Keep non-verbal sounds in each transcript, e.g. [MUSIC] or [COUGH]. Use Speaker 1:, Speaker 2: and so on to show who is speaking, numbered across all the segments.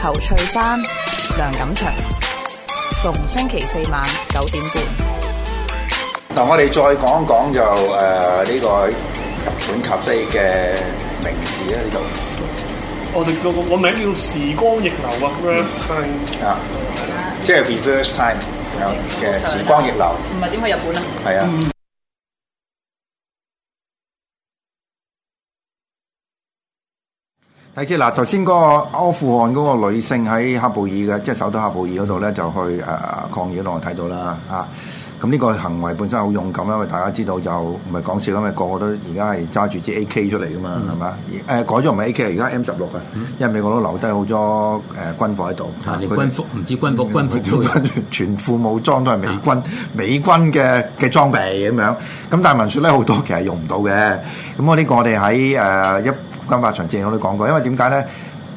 Speaker 1: 侯翠山、梁錦祥，逢星期四晚九點半。
Speaker 2: 嗱，我哋再講講就誒呢個日本咖啡嘅名字咧，呢度我哋個個名叫時光逆流啊，reverse time 啊，即係 reverse time 嘅時光逆流。唔係點去日本啊？係啊。睇住嗱，頭先嗰個阿富汗嗰個女性喺喀布爾嘅，即係首都喀布爾嗰度咧，就去誒、呃、抗議度。我睇到啦嚇，咁呢個行為本身好勇敢，因為大家知道就唔係講笑，因為個個都而家係揸住支 AK 出嚟噶嘛，係嘛、嗯？誒、呃、改咗唔係 AK 而家 M 十六啊，因為美國都留低好多誒軍火喺度。啲、呃、軍服唔、
Speaker 1: 啊啊、們知軍服，軍服
Speaker 2: 全副武裝都係美軍，啊、美軍嘅嘅裝備咁樣。咁但係聞説咧好多其實用唔到嘅。咁我呢個我哋喺、呃、一。軍法場正我都講過，因為點解咧？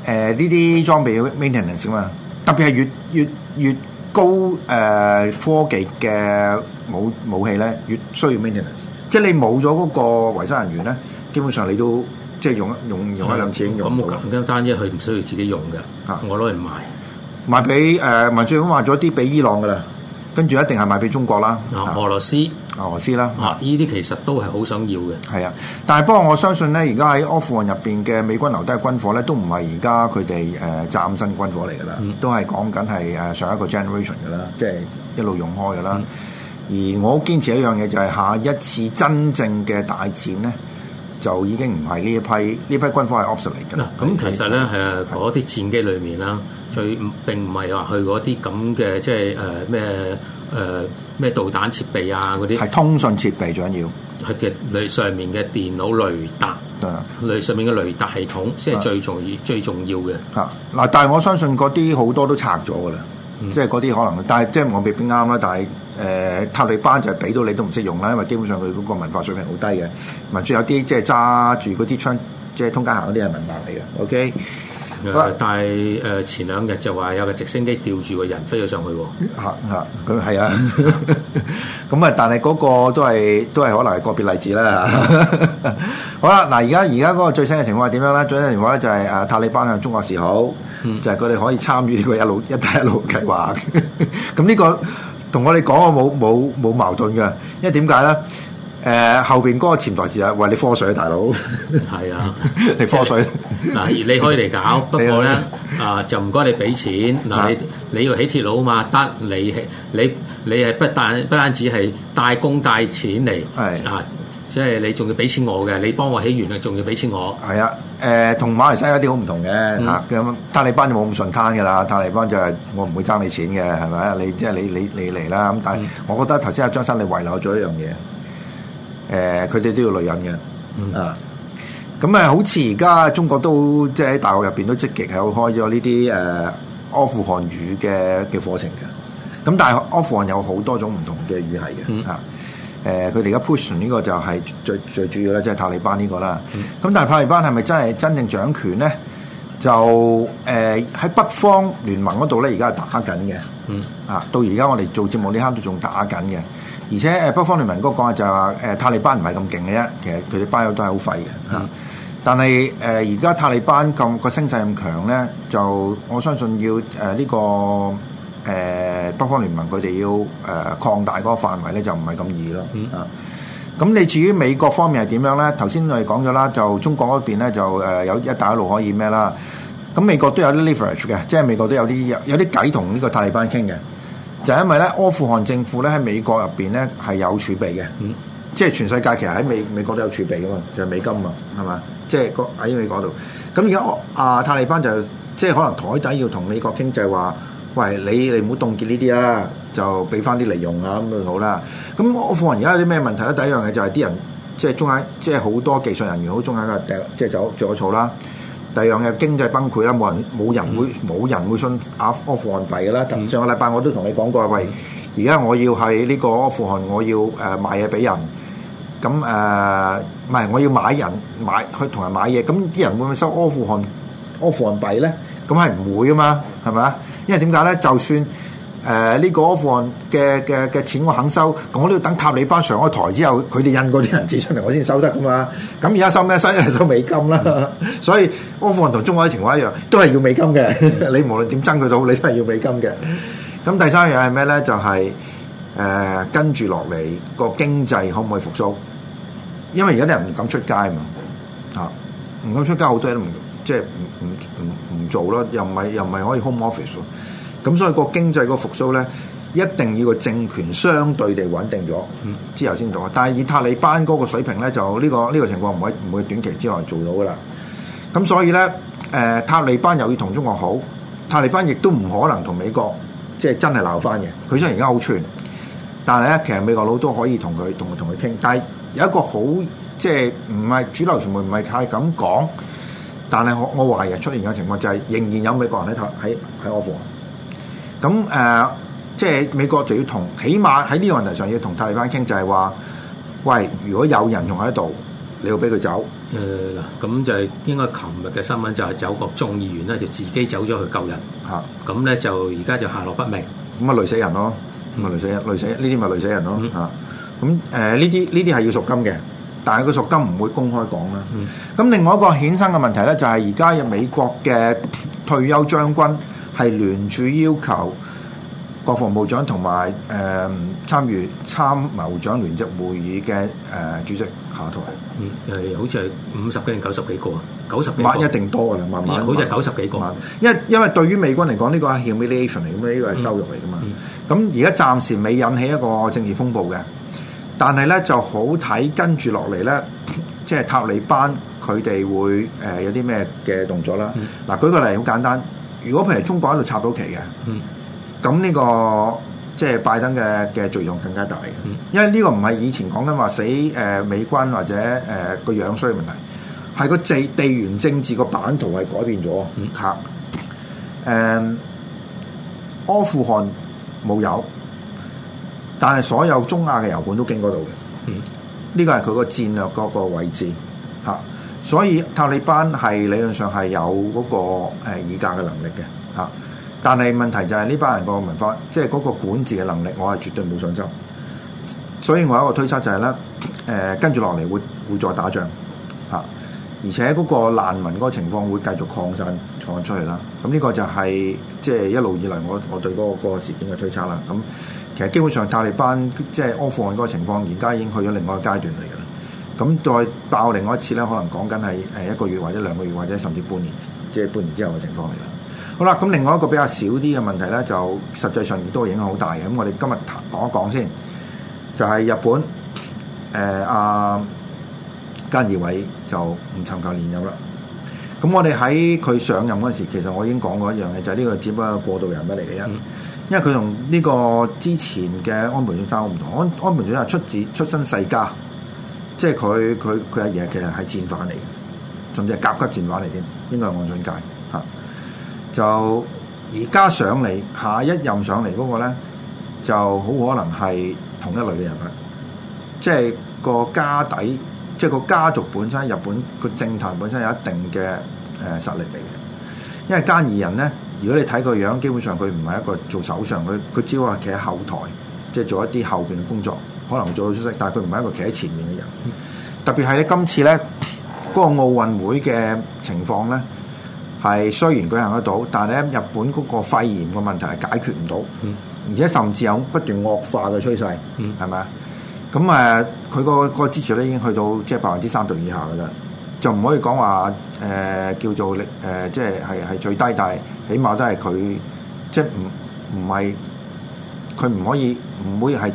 Speaker 2: 誒呢啲裝備要 maintenance 嘛，特別係越越越高誒、呃、科技嘅武武器咧，越需要 maintenance。即係你冇咗嗰個維修人員咧，基本上你都即係用，用，用一用用一兩次用咁
Speaker 1: 簡單，啫，佢唔需要自己用嘅。嚇是！我攞嚟賣，賣俾
Speaker 2: 誒民衆，我賣咗啲俾伊朗噶啦，跟住一定係賣俾中國啦、啊、是俄羅斯。俄羅斯啦，啊，呢啲其實都係好想要嘅。係啊，但係不過我相信咧，而家喺阿富汗入邊嘅美軍留低嘅軍火咧，都唔係而家佢哋誒嶄新軍火嚟㗎啦，嗯、都係講緊係誒上一個 generation 㗎啦，即、就、係、是、一路用開㗎啦。嗯、而我堅持一樣嘢就係下一次真正嘅大戰咧，就已經唔係呢一批呢批軍火係 obsolete 嚟㗎啦。咁其
Speaker 1: 實咧，誒嗰啲戰機裡面啦，佢並唔係話去嗰啲咁嘅，即係誒咩誒。呃呃呃咩導彈設備啊，嗰啲係
Speaker 2: 通訊設備，最緊要
Speaker 1: 係嘅雷上面嘅電腦雷達，對啊的，雷上面嘅雷達系統，即係最重要的、最重要嘅
Speaker 2: 嚇。嗱，但係我相信嗰啲好多都拆咗噶啦，嗯、即係嗰啲可能。但係即係我未必啱啦。但係誒、呃，塔利班就係俾到你都唔識用啦，因為基本上佢嗰個文化水平好低嘅。或者有啲即係揸住嗰啲槍，即係通街行嗰啲係文盲嚟嘅。OK。
Speaker 1: 但係誒，前兩日就話有個直升機吊住個人飛咗上去喎。吓
Speaker 2: 吓，佢係啊。咁啊，但係嗰個都係都係可能係個別例子啦，嗯嗯。好啦，嗱，而家而家嗰個最新嘅情況係點樣咧？最新嘅情況咧就係、是、啊，塔利班向中國示好，就係佢哋可以參與呢個一路一帶一路計劃。咁、嗯、呢、嗯呢個同我哋講，我冇冇冇矛盾噶，因為點解咧？誒、呃、後邊嗰個潛台詞係餵你科水啊，大佬係啊，你科水
Speaker 3: 嗱，
Speaker 1: 你可以嚟搞， [LAUGHS] 不過咧、 [LAUGHS] 呃呃、啊，就唔該你俾錢嗱，你你要起鐵路啊嘛，得你你你係不但不單止係帶工帶錢嚟，係啊，呃、即係你仲要俾錢我嘅，你幫我起完啦，仲要俾錢我係啊，
Speaker 2: 誒、呃、同馬來西亞啲好唔同嘅嚇，嘅塔利班就冇咁順攤嘅啦，塔利班就係我唔會爭你錢嘅，係咪啊？你即係、就是、你你你嚟啦咁，但係、嗯、我覺得頭先阿張生你遺留咗一樣嘢。誒，佢哋、呃、都要女人嘅，啊、嗯，咁啊，好似而家中國都即係喺大學入邊都積極係開咗呢啲誒阿富汗語嘅嘅課程嘅。咁、呃、但係阿富汗有好多種唔同嘅語系嘅，嗯、啊，誒、呃，佢哋而家 push 呢個就係最最主要咧，即、就、係、是、塔利班呢個啦。咁、嗯、但係塔利班係咪真係真正掌權咧？就誒喺、呃、北方聯盟嗰度咧，而家係打緊嘅，啊，到而家我哋做節目呢刻都仲打緊嘅。而且誒北方聯盟嗰個講話就係話誒塔利班唔係咁勁嘅啫，其實佢哋班友都係好廢嘅嚇。嗯、但係誒而家塔利班咁個聲勢咁強咧，就我相信要誒呢、呃這個呢個誒、呃、北方聯盟佢哋要誒、呃、擴大嗰個範圍咧，就唔係咁易咯啊。咁、嗯嗯、你至於美國方面係點樣咧？頭先我哋講咗啦，就中國嗰邊咧就誒有一帶一路可以咩啦。咁美國都有啲 leverage 嘅，即係美國都有啲有啲計同呢個塔利班傾嘅。就係因為咧，阿富汗政府咧喺美國入邊咧係有儲備嘅，嗯、即係全世界其實喺美美國都有儲備噶嘛，就係美金啊，係嘛？即係個喺美國度。咁而家阿泰利班就即係可能台底要同美國傾，就係話，喂，你你唔好凍結呢啲啦，就俾翻啲利用啊咁就好啦。咁阿富汗而家有啲咩問題咧？第一樣嘢就係啲人即係中間，即係好多技術人員好中間嘅，即係走咗草啦。第二樣嘅經濟崩潰啦，冇人冇人會冇、嗯、人會信阿富汗幣噶啦。上個禮拜我都同你講過喂，而家我要喺呢個阿富汗，我要誒賣嘢俾人，咁誒唔係我要買人買去同人買嘢，咁啲人會唔會收阿富汗阿富汗幣咧？咁係唔會噶嘛，係咪啊？因為點解咧？就算，誒呢個阿富汗嘅嘅嘅錢我肯收，我都要等塔利班上咗台之後，佢哋印嗰啲銀紙出嚟，我先收得噶嘛。咁而家收咩？收收美金啦。所以阿富汗同中海嘅情況一樣，都係要美金嘅。你無論點爭佢到，你都係要美金嘅。咁第三樣係咩咧？就係誒跟住落嚟個經濟可唔可以復甦？因為而家啲人唔敢出街嘛，嚇唔敢出街，好多嘢都唔即係唔唔唔唔做咯。又唔係又唔係可以 home office。咁所以個經濟個復甦咧，一定要個政權相對地穩定咗，之後先做。但係以塔利班嗰個水平咧，就呢個呢個情況唔會唔會短期之內做到噶啦。咁所以咧、呃，塔利班又要同中國好，塔利班亦都唔可能同美國即係真係鬧翻嘅。佢雖然而家好串，但係咧其實美國佬都可以同佢同同佢傾。但係有一個好即係唔係主流傳媒唔係太咁講，但係我我懷疑出現嘅情況就係仍然有美國人喺塔喺喺阿富汗。咁誒，即係美國就要同，起碼喺呢個問題上要同塔利班傾，就係話，喂，如果有人仲喺度，你要俾佢走。
Speaker 1: 誒嗱，咁就係應該琴日嘅新聞就係，有個眾議員咧就自己走咗去救人。嚇！咁咧就而家就下落不明。
Speaker 2: 咁啊累死人咯，咁啊累死人，累死，呢啲咪累死人咯嚇。咁誒，呢啲呢啲係要贖金嘅，但係佢贖金唔會公開講啦。咁另外一個衍生嘅問題咧，就係而家嘅美國嘅退休將軍。係聯署要求國防部長同埋誒參與參謀長聯席會議嘅誒、呃、主
Speaker 1: 席下台。嗯，好似係五十幾定九十幾個啊，九十幾萬一定多噶啦，萬萬、嗯、好似九十幾個萬。因
Speaker 2: 為因為對於美軍嚟講，呢、呢個係 humiliation 嚟，咁呢個係收入嚟噶嘛。咁而家暫時未引起一個政治風暴嘅，但係咧就好睇跟住落嚟咧，即、就、係、是、塔利班佢哋會誒有啲咩嘅動作啦。嗱、嗯，舉個例好簡單。如果譬如中國喺度插到旗嘅，咁呢、這個即係拜登嘅嘅罪狀更加大嘅，因為呢個唔係以前講緊話死誒美軍或者誒個、呃、樣衰問題，係個地地緣政治個版圖係改變咗。嚇、嗯，誒、嗯，阿富汗冇油，但係所有中亞嘅油管都經過到嘅。呢個係佢個戰略嗰個位置嚇。所以塔利班係理論上係有嗰個誒議價嘅能力嘅嚇，但係問題就係呢班人個文化，即係嗰個管治嘅能力，我係絕對冇信心。所以我有一個推測就係、是、咧，誒跟住落嚟會會再打仗嚇，而且嗰個難民嗰個情況會繼續擴散擴出嚟啦。咁呢個就係即係一路以嚟我我對嗰、嗰個嗰個事件嘅推測啦。咁其實基本上塔利班即係阿富汗嗰個情況，而家已經去咗另外一個階段嚟嘅。咁再爆另外一次咧，可能講緊係一個月或者兩個月，或者甚至半年，即係半年之後嘅情況嚟啦。好啦，咁另外一個比較少啲嘅問題咧，就實際上都影響好大嘅。咁我哋今日講一講先，就係、是、日本誒阿、呃啊、菅義偉就唔尋求連任啦。咁我哋喺佢上任嗰時，其實我已經講過一樣嘢，就係、是、呢個只不過過渡人物嚟嘅。因為佢同呢個之前嘅安倍先生好唔同。安安倍總理係出自出身世家。即係佢佢佢阿爺其實係戰犯嚟嘅，甚至係甲級戰犯嚟添，應該係岸信介吓。就而家上嚟，下一任上嚟嗰個咧，就好可能係同一類嘅人物。即係個家底，即係個家族本身，日本個政壇本身有一定嘅誒實力嚟嘅。因為菅義偉咧，如果你睇個樣，基本上佢唔係一個做首相，佢佢只可以企喺後台，即係做一啲後邊嘅工作。可能做到出色，但係佢唔係一個企喺前面嘅人。特別係咧，今次咧嗰個奧運會嘅情況咧，係雖然舉行得到，但係咧日本嗰個肺炎嘅問題係解決唔到，而且甚至有不斷惡化嘅趨勢，係咪啊？咁誒，佢、呃嗰個、嗰個支持率已經去到即係百分之三十以下㗎啦，就唔可以講話誒叫做力誒，即係係係最低，但係起碼都係佢即係唔唔係，佢唔可以唔會係。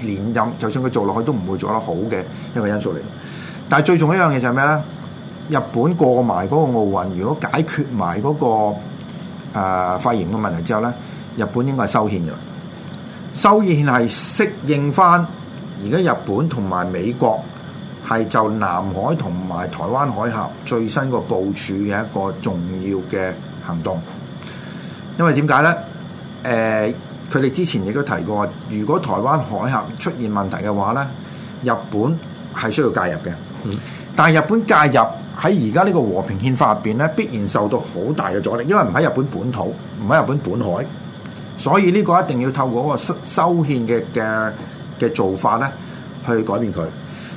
Speaker 2: 連任，就算佢做落去都唔會做得好嘅一個因素嚟。但係最重要一樣嘢就係咩咧？日本過埋嗰個奧運，如果解決埋嗰、那個誒肺炎嘅問題之後咧，日本應該係修憲嘅。修憲係適應翻而家日本同埋美國係就南海同埋台灣海峽最新個部署嘅一個重要嘅行動。因為點解咧？誒、呃。佢哋之前亦都提過，如果台灣海峽出現問題嘅話咧，日本係需要介入嘅。但係日本介入喺而家呢個和平憲法入邊咧，必然受到好大嘅阻力，因為唔喺日本本土，唔喺日本本海，所以呢個一定要透過嗰個修修憲嘅嘅嘅做法咧，去改變佢。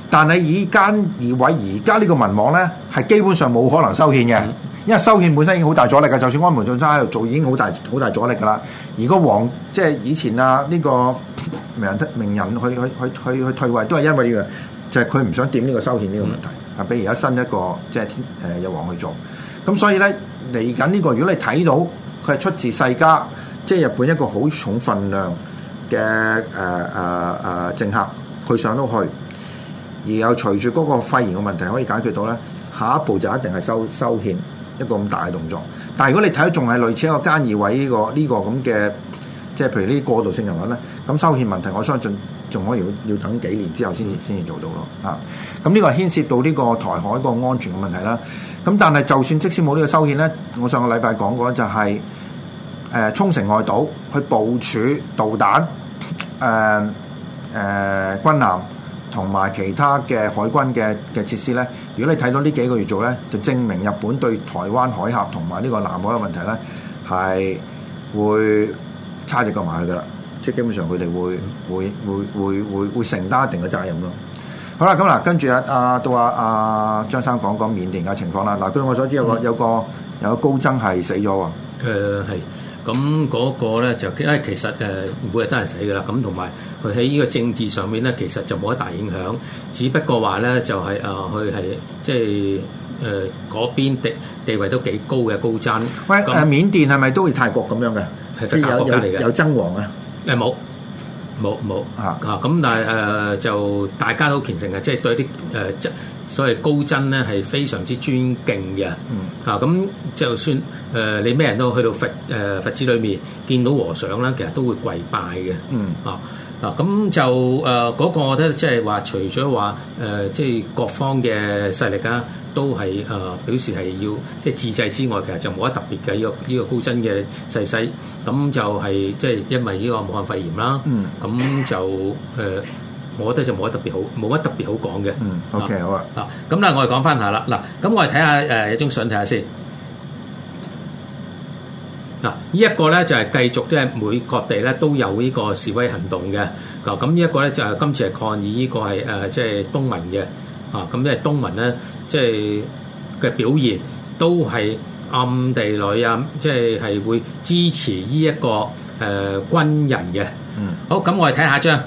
Speaker 2: 但係以間而為而家呢個民網咧，係基本上冇可能修憲嘅。因為修憲本身已經好大阻力嘅，就算安倍晉三喺度做已經好大好大阻力噶啦。而個王，即係以前啊呢個名人得名人去去去去退位，都係因為呢個就係佢唔想掂呢個修憲呢個問題。啊，比如而家新一個即係誒有王去做，咁所以咧嚟緊呢個，如果你睇到佢係出自世家，即係日本一個好重份量嘅誒誒誒政客，佢上到去，而又隨住嗰個肺炎嘅問題可以解決到咧，下一步就一定係修修憲。一個咁大嘅動作，但係如果你睇到仲係類似一個菅義偉呢個呢、呢個咁嘅，即係譬如呢啲過渡性人物咧，咁修憲問題，我相信仲可以要，要等幾年之後先先至做到咯，啊，咁呢個牽涉到呢個台海個安全嘅問題啦，咁但係就算即使冇呢個修憲咧，我上個禮拜講過就係、是、誒、呃、沖繩外島去部署導彈，呃呃、軍艦。同埋其他嘅海軍嘅嘅設施咧，如果你睇到呢幾個月做咧，就證明日本對台灣海峽同埋呢個南海嘅問題咧，係會差著過埋去噶啦，即係基本上佢哋會會會會會會承擔一定嘅責任咯。好啦，咁嗱，跟住啊，阿到啊，阿張生講講緬甸嘅情況啦。嗱，據我所知有個、嗯、有個有個高僧係死咗喎。
Speaker 1: 誒、呃係咁嗰個咧就，因為其實誒唔、呃、會係得人死噶啦，咁同埋佢喺呢個政治上面咧，其實就冇乜大影響，只不過話咧就係、是、啊，佢、呃、係即係誒嗰邊地地位都幾高嘅高僧。喂誒，那
Speaker 2: 緬甸係咪都係泰國咁樣嘅？係法國嚟嘅，有，有，有僧王啊？
Speaker 1: 誒冇冇冇啊啊！咁但係誒、呃、就大家都虔誠嘅，即係對啲誒。呃所謂高僧咧係非常之尊敬嘅，嗯、啊咁就算誒、呃、你咩人都去到佛誒、呃、佛寺裏面見到和尚啦，其實都會跪拜嘅，嗯、啊啊咁就誒嗰、呃那個咧即係話除咗話誒即係各方嘅勢力啦、啊，都係誒、呃、表示係要即係、就是、自制之外，其實就冇乜特別嘅呢、這個呢、這個高僧嘅逝世，咁就係即係因為呢個武漢肺炎啦，咁、嗯、就誒。呃我覺得就冇乜特別好，冇乜特別好講嘅。嗯，OK，好啦。啊，咁啦，我哋講翻下啦。嗱，咁我哋睇下誒，一張相睇下先。嗱，呢一個咧就係繼續即係每各地咧都有呢個示威行動嘅。嗱，咁呢一個咧就係今次係抗議呢個係誒即係東盟嘅。啊，咁即係東盟咧，即係嘅表現都係暗地裏啊，即係係會支持呢一個誒軍人嘅。
Speaker 3: 嗯，
Speaker 1: 好，咁我哋睇下張。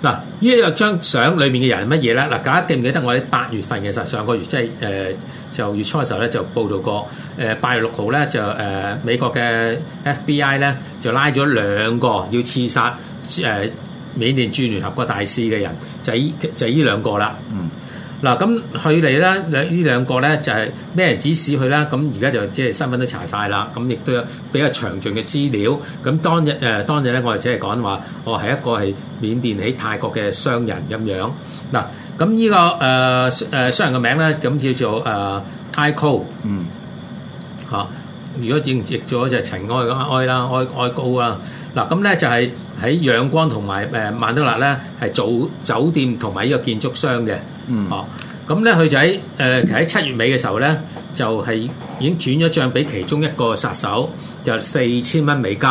Speaker 1: 嗱，呢一張相裏面嘅人係乜嘢咧？嗱，大家記唔記得我喺八月份嘅時候，上個月即係、誒、就月初嘅時候咧，就報道過誒、八月六號咧就、呃、美國嘅 FBI 咧就拉咗兩個要刺殺誒緬甸駐聯合國大使嘅人，就係就係呢兩個啦，嗯。嗱，咁佢嚟咧，呢兩個咧就係、是、咩人指使佢咧？咁而家就即係身份都查晒啦，咁亦都有比較詳盡嘅資料。咁當日誒、呃、當日咧，我哋只係講話，我、哦、係一個係緬甸喺泰國嘅商人咁樣。嗱、咁、這、呢個、呃、商人嘅名咧，咁叫做誒 Ico、呃、
Speaker 3: 嗯、
Speaker 1: 啊、如果轉譯咗就陳埃咁埃啦，埃高啊。嗱，咁咧就係喺仰光同埋、呃、曼德勒咧，係做酒店同埋呢個建築商嘅。嗯，哦，咁咧佢就喺誒喺七月尾嘅時候咧，就係已經轉咗帳俾其中一個殺手，就四千蚊美金，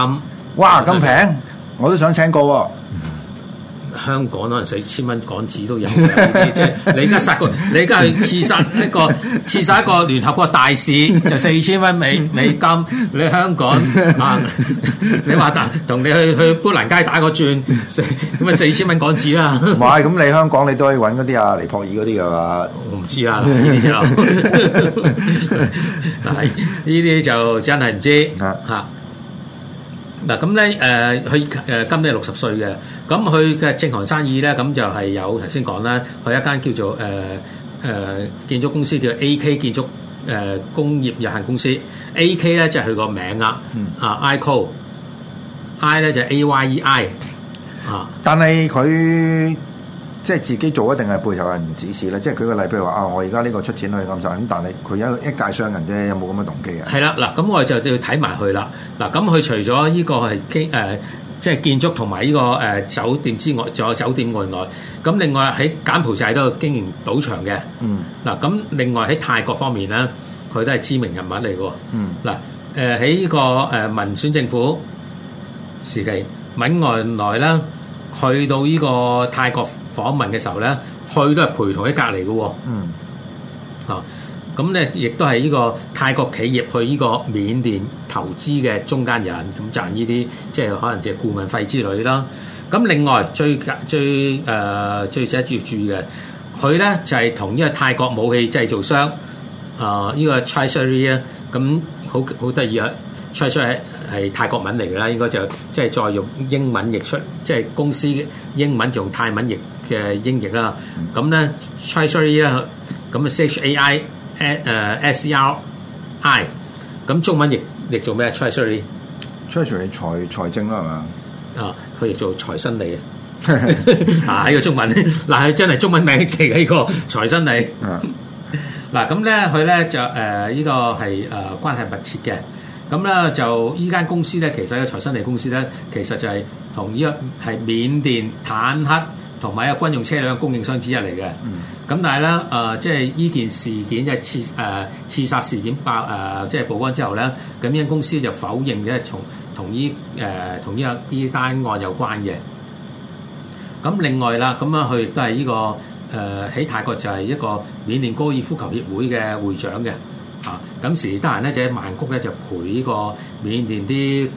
Speaker 1: 哇咁平
Speaker 2: 想，我都想請過喎啊。
Speaker 1: 香港可能四千蚊港紙都有，即係 [LAUGHS] 你而家殺佢，你而家去刺殺一個，刺殺一個聯合國大使，就四、是、千蚊美美金。你香港， [LAUGHS] 嗯、你話同同你去去砵蘭街打個轉，咁啊四千蚊港紙啦。唔係，咁你香港你都可以揾嗰啲阿尼泊爾嗰啲㗎嘛？我唔知啦、啊，係呢啲就真係唔知嚇。 [LAUGHS] 嗱咁咧，誒佢、呃、今年六十歲嘅，咁佢嘅正行生意咧，咁就係、係、有頭先講啦，佢一間叫做誒誒、呃呃、建築公司叫做 A.K. 建築、呃、工業有限公司，A.K. 咧就係佢個名啦，啊 Ico，I 咧就係、A.Y.E.I. 啊，y e、I，
Speaker 2: 但係佢。即係自己做啊，定係背後有人指示咧？即係舉個例，譬如話啊，我而家呢個出錢去暗殺，咁但係佢有一介商人啫，有冇咁嘅動
Speaker 1: 機啊？係啦，嗱，咁我哋就就要睇埋佢啦。嗱，咁佢除咗依個係經誒，即係建築同埋依個誒酒店之外，仲有酒店外外。咁另外喺柬埔寨都經營賭場嘅。嗯。嗱，咁另外喺泰國方面咧，佢都係知名人物嚟嘅。嗯。嗱，誒喺依個誒民選政府時期，敏昂萊啦，去到依個泰國，訪問嘅時候咧，佢都係陪同喺隔離嘅。嗯。啊，咁咧亦都係呢個泰國企業去呢個緬甸投資嘅中間人，咁賺呢啲即係可能即係顧問費之類啦。咁另外最最誒、呃、最值得注意嘅，佢咧就係同呢個泰國武器製造商、呃呢個、Chaiseri，啊，呢個 Chaiseri 咁好好得意啊 Chaiseri 係泰國文嚟嘅啦，應該就即係再用英文譯出，即、就、係、是、公司嘅英文用泰文譯。嘅英譯啦，咁咧 Treasury 咧，咁啊 hai，誒 s e l i，咁中文譯，譯做咩？Treasury，Treasury 財財政啦係嘛？啊，佢譯做財新理。嘅、 [LAUGHS] [LAUGHS] 啊，嗱、這、呢個中文，嗱、啊、佢真係中文名嚟嘅呢個財新理。嗱咁咧，佢咧就誒呢，呢、呃這個係誒、呃、關係密切嘅，咁、嗯、咧、啊、就呢間公司咧，其實個財新理公司咧，其實就係同呢個係緬甸坦克。同埋一個軍用車輛供應商之一嚟嘅，咁、嗯、但係咧，誒、呃，即係呢件事件，即係刺誒刺殺事件爆誒、呃，即係曝光之後咧，咁呢間公司就否認咧，從同呢誒、呃、同呢個呢單案有關嘅。咁另外啦，咁樣佢亦都係呢個誒喺、呃、泰國就係一個緬甸高爾夫球協會嘅會長嘅，啊，咁時而得閒咧就喺曼谷咧就陪呢個緬甸啲。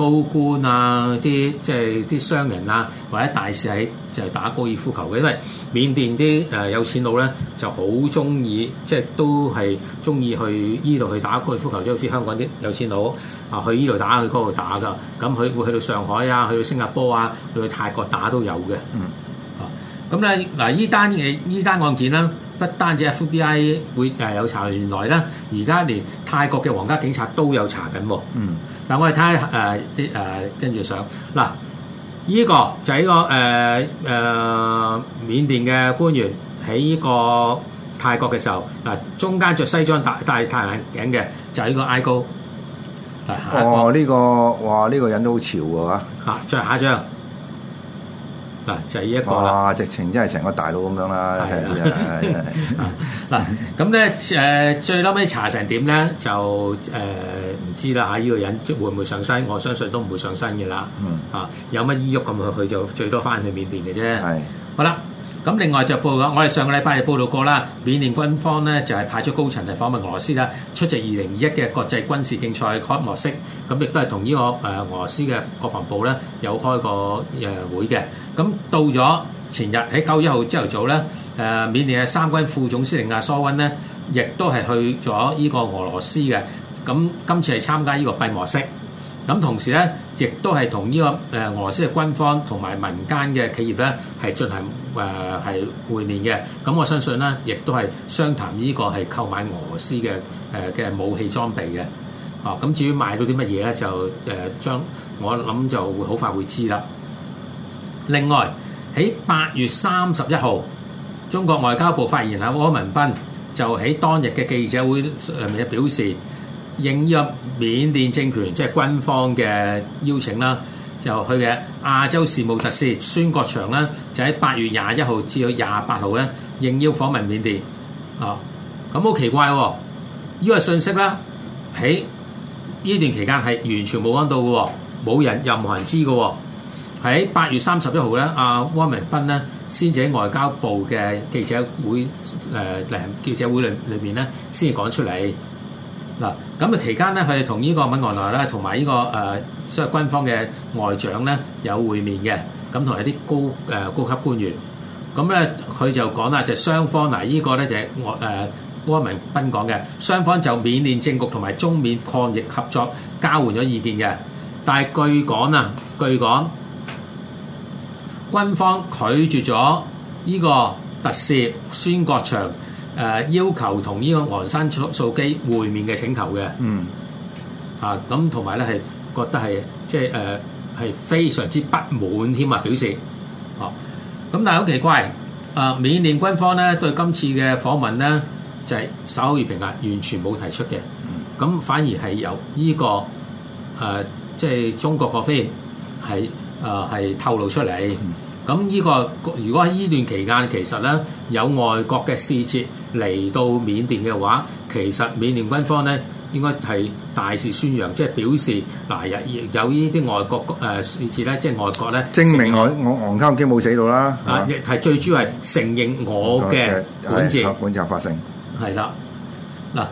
Speaker 1: 高官啊，啲即係啲商人啊，或者大使就係打高爾夫球嘅，因為緬甸啲誒有錢佬咧就好中意，即係都係中意去依度去打高爾夫球，即好似香港啲有錢佬啊去依度打，去嗰度打噶，咁佢會去到上海啊，去到新加坡啊，去到泰國打都有嘅。嗯啊那，啊，咁咧嗱，依單嘢，依單案件啦。不單止 FBI 會誒、呃、有查，原來咧而家連泰國嘅皇家警察都有查緊喎。嗯，嗯。嗱，我哋睇下誒啲誒跟住上嗱，依、這個就係、這個誒誒、呃呃、緬甸嘅官員喺呢個泰國嘅時候嗱，中間着西裝戴戴太陽鏡嘅就係呢個 Igo。個哦，呢、這
Speaker 2: 個哇，呢、這個人都好潮㗎喎、
Speaker 1: 啊。再下一張。嗱，就係呢一個啊，
Speaker 2: 直情真係成個大佬咁樣啦。嗱、呃，
Speaker 1: 咁咧最嬲尾查成點咧？就誒唔知啦嚇。依個人即會唔會上身？我相信都唔會上身嘅啦。嗯。啊，有乜依喐咁佢就最多翻去緬甸嘅啫。係。好啦。咁另外就報道，我哋上個禮拜就報道過啦，緬甸軍方咧就係派出高層嚟訪問俄羅斯啦，出席二零二一嘅國際軍事競賽開幕式，咁亦都係同呢個誒俄羅斯嘅國防部咧有開過誒會嘅。咁到咗前日喺九月一號朝頭早咧，誒緬甸嘅三軍副總司令亞蘇温咧，亦都係去咗呢個俄羅斯嘅，咁今次係參加呢個閉幕式。咁同時咧，亦都係同呢個誒俄羅斯嘅軍方同埋民間嘅企業咧，係進行誒係、呃、會面嘅。咁我相信咧，亦都係商談呢個係購買俄羅斯嘅誒嘅武器裝備嘅。哦，咁至於買到啲乜嘢咧，就誒將、呃、我諗就，就會好快會知啦。另外喺八月三十一號，中國外交部發言人汪文斌就喺當日嘅記者會上面表示。應入緬甸政權即係軍方嘅邀請啦，就去嘅亞洲事務特使孫國祥啦，就喺八月廿一號至到廿八號咧，應邀訪問緬甸。哦，咁好奇怪喎，哦！依個信息啦，喺依段期間係完全冇安到嘅，冇人任何人知嘅。喺八月三十一號咧，阿汪明斌咧先至喺外交部嘅記者會誒誒、呃、記者會裏裏面咧先至講出嚟。嗱，咁嘅期間咧，佢哋同呢個敏昂萊咧，同埋呢個誒，即係軍方嘅外長咧，有會面嘅，咁同一啲高誒高級官員。咁咧，佢就講啦，就雙方嗱，呢、呢個咧就係汪誒汪文斌講嘅，雙方就緬甸政局同埋中緬抗疫合作交換咗意見嘅。但係據講啊，據講軍方拒絕咗呢個特使孫國祥。誒、呃，要求同呢個昂山素素姬會面嘅請求嘅，
Speaker 3: 嗯，
Speaker 1: 啊，咁同埋咧係覺得係即係誒係非常之不滿添啊，表示，哦、啊，咁但係好奇怪，誒緬甸軍方咧對今次嘅訪問咧就係守口如瓶啊，完全冇提出嘅，咁反而係由呢、這個誒即係中國個飛係誒係透露出嚟。嗯咁依個如果喺依段期間，其實咧有外國嘅使節嚟到緬甸嘅話，其實緬甸軍方咧應該係大肆宣揚，即係表示嗱，有有依啲外國誒使節咧，即係外國咧
Speaker 2: 證明我我昂溝機冇死到啦，亦
Speaker 1: 係最主要係承認我嘅管治管治合法性。係啦，嗱，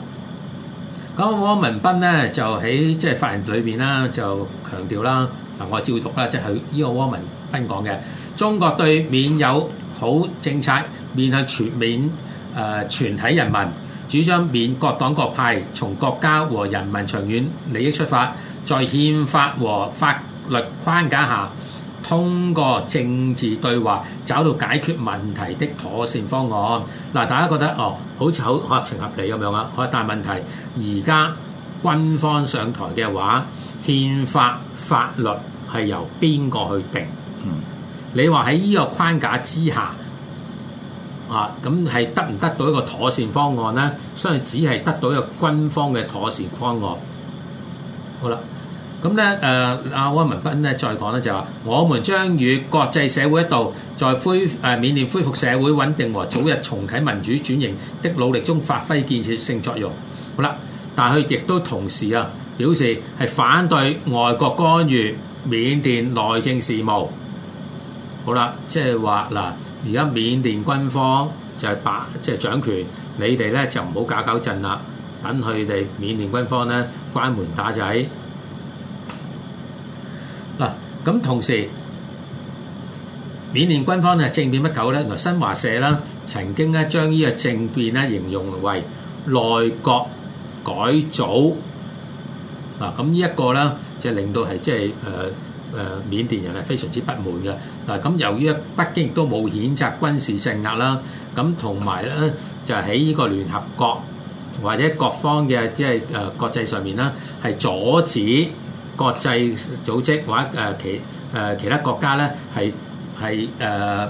Speaker 1: 咁汪文斌咧就喺即係發言裏面啦，就強調啦，嗱我照讀啦，即係依個汪文。賓講嘅中國對緬有好政策，面向全面、呃、全體人民，主張緬各黨各派從國家和人民長遠利益出發，在憲法和法律框架下，通過政治對話找到解決問題的妥善方案。嗱，大家覺得哦，好似好合情合理咁樣啊？好，但問題，而家軍方上台嘅話，憲法法律係由邊個去定？你話喺呢個框架之下啊，咁係得唔得到一個妥善方案咧？所以只係得到一個軍方嘅妥善方案。好啦，咁咧誒，阿、呃、汪文斌咧再講咧就話，我們將與國際社會一道，在恢誒、呃、緬甸恢復社會穩定和早日重啟民主轉型的努力中發揮建設性作用。好啦，但係佢亦都同時啊表示係反對外國干預緬甸內政事務。好啦，即係話嗱，而家緬甸軍方就係白即係掌權，你哋咧就唔好搞搞震啦，等佢哋緬甸軍方咧關門打仔。嗱，咁同時，緬甸軍方嘅政變不久咧？原來新華社啦，曾經咧將呢個政變咧形容為內閣改組。嗱，咁呢一個咧，就令到係即係誒。呃誒緬甸人係非常之不滿嘅，嗱，咁由於北京亦都冇譴責軍事鎮壓啦，咁同埋咧就喺呢個聯合國或者各方嘅即係誒國際上面啦，係阻止國際組織或者誒其誒其他國家咧係係誒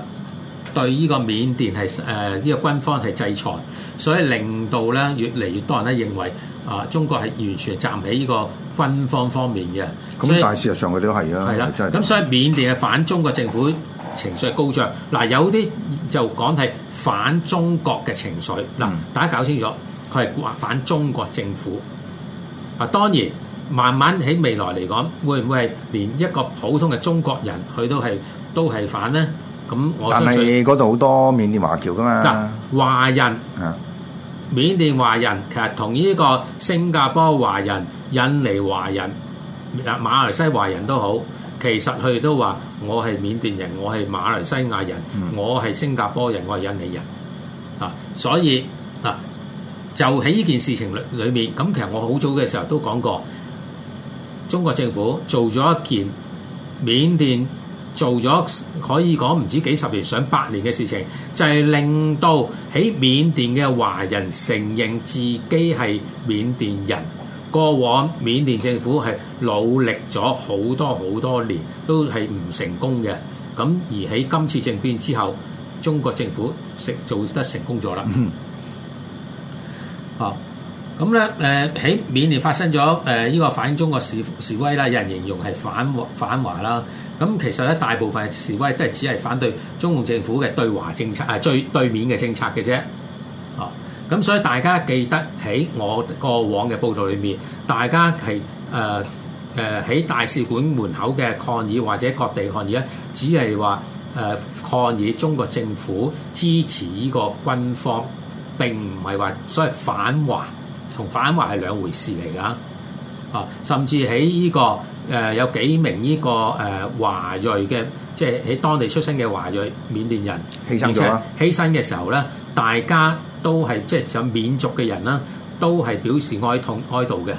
Speaker 1: 對呢個緬甸係誒依個軍方係制裁，所以令到咧越嚟越多人咧認為啊，中國係完全站唔起依個。軍方方面嘅，咁但係事實上佢哋都係啊，係喇。咁所以緬甸嘅反中國政府情緒係高漲。嗱，有啲就講係反中國嘅情緒。嗱，大家搞清楚，佢係反中國政府。啊，當然慢慢喺未來嚟講，會唔會係連一個普通嘅中國人，佢都係都係反咧？咁我相信
Speaker 2: 嗰度好多緬甸華僑㗎嘛。嗱，
Speaker 1: 華人。緬甸華人其實同呢個新加坡華人、印尼華人、啊馬來西華人都好，其實佢哋都話我係緬甸人，我係馬來西亞人，我係新加坡人，我係印尼人。啊、嗯，所以啊，就喺呢件事情裏面，咁其實我好早嘅時候都講過，中國政府做咗一件緬甸。做咗可以講唔止幾十年、上百年嘅事情，就係令到喺緬甸嘅華人承認自己係緬甸人。過往緬甸政府係努力咗好多好多年，都係唔成功嘅。咁而喺今次政變之後，中國政府成做得成功咗啦。哦，咁咧誒喺緬甸發生咗誒呢個反中國示示威啦，有人形容係反反華啦。咁其實咧，大部分的示威都係只係反對中共政府嘅對華政策，誒，對對面嘅政策嘅啫。咁所以大家記得喺我過往嘅報道裏面，大家係誒誒喺大使館門口嘅抗議或者各地抗議咧，只係話誒抗議中國政府支持呢個軍方，並唔係話所謂反華同反華係兩回事嚟噶。哦，甚至喺呢、這個誒、呃、有幾名呢、這個誒、呃、華裔嘅，即係喺當地出生嘅華裔緬甸人犧牲咗啦。犧牲嘅時候咧，大家都係即係有緬族嘅人啦，都係表示哀痛哀悼嘅。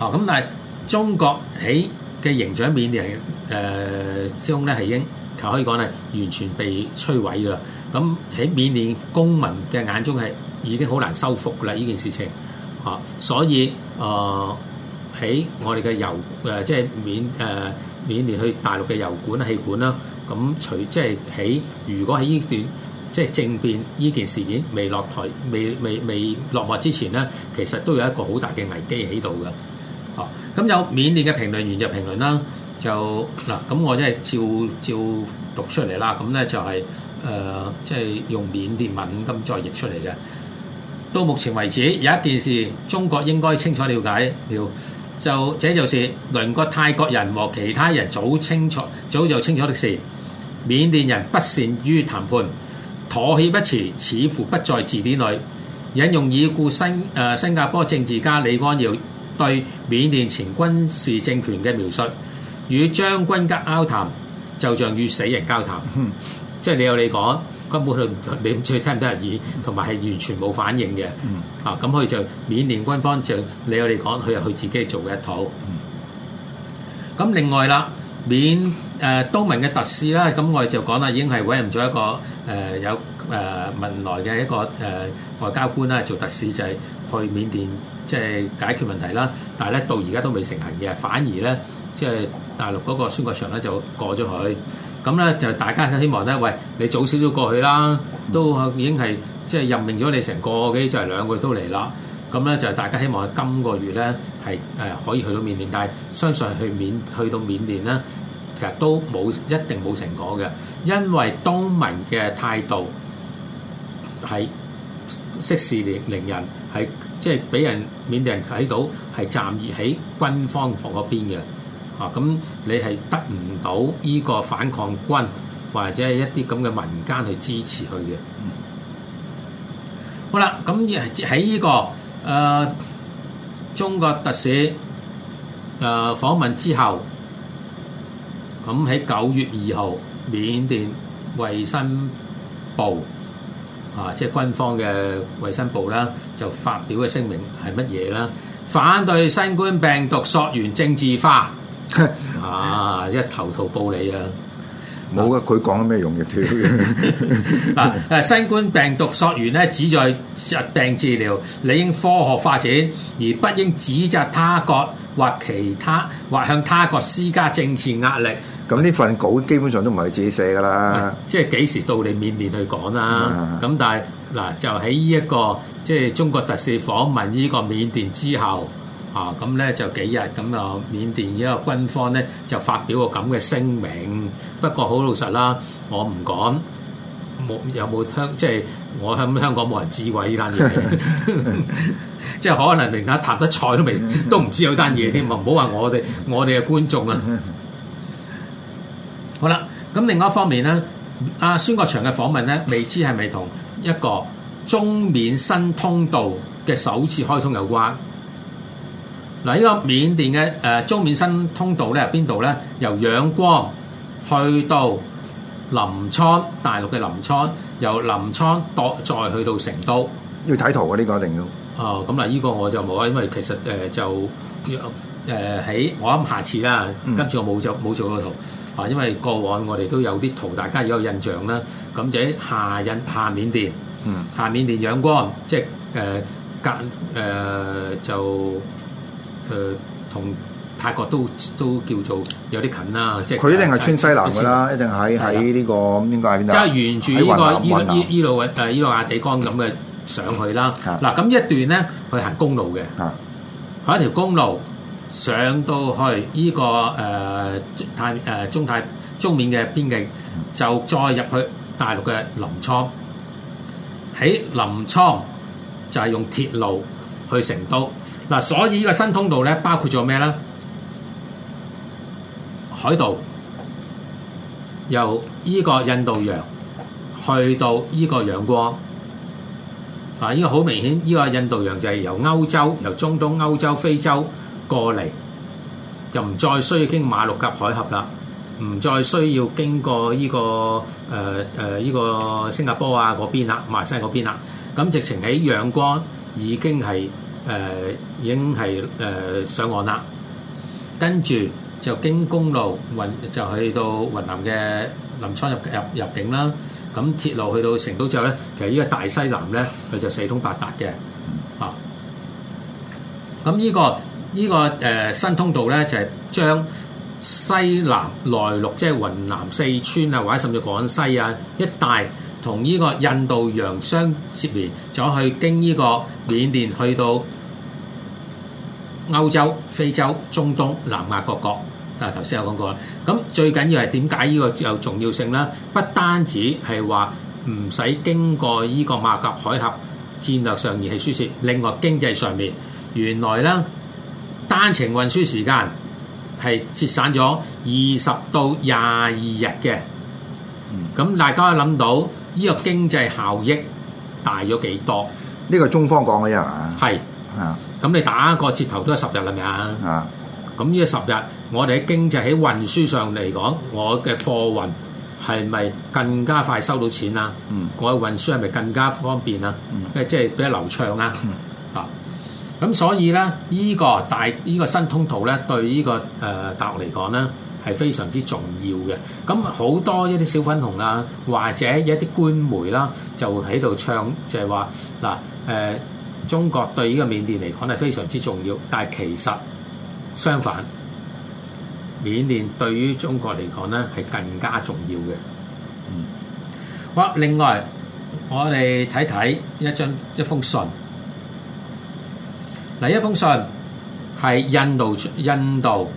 Speaker 1: 哦，咁但係中國喺嘅形象，緬甸人誒、呃、中咧係已經可以講係完全被摧毀噶啦。咁喺緬甸公民嘅眼中係已經好難收復啦。呢件事情。所以啊，喺、呃、我哋嘅油誒，即、呃、係、就是、緬誒、呃、緬甸去大陸嘅油管氣管啦，咁除即係喺如果喺呢段即係政變呢件事件未落台未未未落幕之前咧，其實都有一個好大嘅危機喺度嘅。哦、啊，咁有緬甸嘅評論員就評論啦，就嗱，咁我即係照照讀出嚟啦，咁咧就係、是、誒，即、呃、係、就是、用緬甸文咁再譯出嚟嘅。到目前為止，有一件事中國應該清楚了解了，就這就是鄰國泰國人和其他人早清楚、早就清楚的事。緬甸人不善於談判，妥協不辭，似乎不在字典裡。引用已故新誒、呃、新加坡政治家李光耀對緬甸前軍事政權嘅描述：與將軍吉交談，就像與死人交談。嗯、即係你有你講。根本佢你最聽唔到人語，同埋係完全冇反應嘅。啊，咁佢就緬甸軍方就你我哋講，佢係佢自己做嘅一套。咁另外啦，緬誒東盟嘅特使啦，咁我哋就講啦，已經係委任咗一個誒有誒文萊嘅一個誒外交官啦，做特使就係去緬甸即係解決問題啦。但係咧到而家都未成行嘅，反而咧即係大陸嗰個孫國祥咧就過咗去。咁咧就大家希望咧，喂，你早少少過去啦，都已經係，即係任命咗你成個幾個，就係、是、兩個月都嚟啦。咁咧就大家希望今個月咧係誒可以去到緬甸，但係相信去緬去到緬甸咧，其實都冇一定冇成果嘅，因為東盟嘅態度係息事寧寧人係即係俾人緬甸人睇到係站熱喺軍方嗰邊嘅。啊，咁你係得唔到呢個反抗軍或者係一啲咁嘅民間去支持佢嘅。好啦，這個，咁喺呢個中國特使、呃、訪問之後，咁喺九月二號，緬甸衛生部啊，即係軍方嘅衛生部啦，就發表嘅聲明係乜嘢啦？反對新冠病毒溯源政治化。 [LAUGHS] 啊！一頭套暴你啊！
Speaker 2: 冇啊。佢講咗咩用嘅？ [LAUGHS] 啊！
Speaker 1: 新冠病毒溯源咧，旨在疾病治療，理應科學發展，而不應指責他國或其他，或向他國施加政治壓力。
Speaker 2: 咁呢份稿基本上都唔係自己寫噶啦、啊
Speaker 1: 啊。即係幾時到你緬甸去講啦、啊？咁、啊、但係嗱、啊，就喺呢一個即係、就是、中國特使訪問呢個緬甸之後。啊，咁咧、哦、就幾日咁啊！就緬甸依個軍方咧就發表個咁嘅聲明，不過好老實啦，我唔講冇有冇聽，即係我喺香港冇人知喎呢單嘢，即係 [LAUGHS] [LAUGHS] 可能連家談得菜都未，都唔知有單嘢添啊！唔好話我哋，我哋嘅觀眾啊。好啦，咁另外一方面咧，阿、啊、孫國祥嘅訪問咧，未知係咪同一個中緬新通道嘅首次開通有關？嗱，呢個緬甸嘅誒中緬新通道咧，係邊度咧？由仰光去到臨滄，大陸嘅臨滄，由臨滄再再去到成都。
Speaker 2: 要睇圖嘅呢、呢個一定要。
Speaker 1: 哦，咁嗱，呢個我就冇啊，因為其實誒、呃、就誒喺、呃、我諗下次啦，跟住、嗯、我冇做冇做個圖啊，因為過往我哋都有啲圖，大家有印象啦。咁就喺下印下緬甸，嗯，下緬甸仰光，即係誒隔誒就。誒同、呃、泰國都都叫做有啲近啦，即係佢一定係川西南噶啦，一
Speaker 2: 定喺喺呢個應該係邊度？即係沿住呢
Speaker 1: 個依依依路誒依個亞地江咁嘅上去啦。嗱咁的一段咧，去行公路嘅，喺一條公路上到去依、這個誒泰誒中泰中緬嘅邊境，就再入去大陸嘅臨滄。喺臨滄就係、是、用鐵路去成都。嗱，所以呢個新通道咧，包括咗咩咧？海道由呢個印度洋去到呢個仰光，啊，呢個好明顯，呢個印度洋就係由歐洲、由中東、歐洲、非洲過嚟，就唔再需要經馬六甲海峽啦，唔再需要經過呢個誒誒呢個新加坡啊嗰邊啦，馬來西亞嗰邊啦，咁直情喺仰光已經係。誒、呃、已經係誒、呃、上岸啦，跟住就經公路運就去到雲南嘅臨滄入入入境啦。咁鐵路去到成都之後咧，其實呢個大西南咧，佢就四通八達嘅嚇。咁、啊、呢、這個依、這個誒、呃、新通道咧，就係、是、將西南內陸，即、就、係、是、雲南、四川啊，或者甚至廣西啊，一帶同呢個印度洋相接連，咗去經呢個緬甸去到。歐洲、非洲、中東、南亞各國，啊，頭先有講過啦。咁最緊要係點解呢個有重要性咧？不單止係話唔使經過呢個馬六甲海峽，戰略上而係輸蝕，另外經濟上面原來咧單程運輸時間係節省咗二十到廿二日嘅。咁、嗯、大家都諗到呢個經濟效益大咗幾多？呢個中方講嘅呀？係啊是。嗯咁你打個折頭都係十日啦，咪啊？咁呢個十日，我哋喺經濟喺運輸上嚟講，我嘅貨運係咪更加快收到錢啊？嗯，我嘅運輸係咪更加方便啊？嗯，即係比較流暢啊？嗯，啊，咁所以咧，呢、呢個大呢、呢個新通道咧，對、呢個呃、呢個大陸嚟講咧，係非常之重要嘅。咁好多一啲小粉紅啊，或者一啲官媒啦，啊，就喺度唱，就係話嗱誒中國對於個緬甸嚟講係非常之重要，但係其實相反，緬甸對於中國嚟講咧係更加重要嘅。嗯，好，另外我哋睇睇一張一封信。嗱，一封信係印度出，印度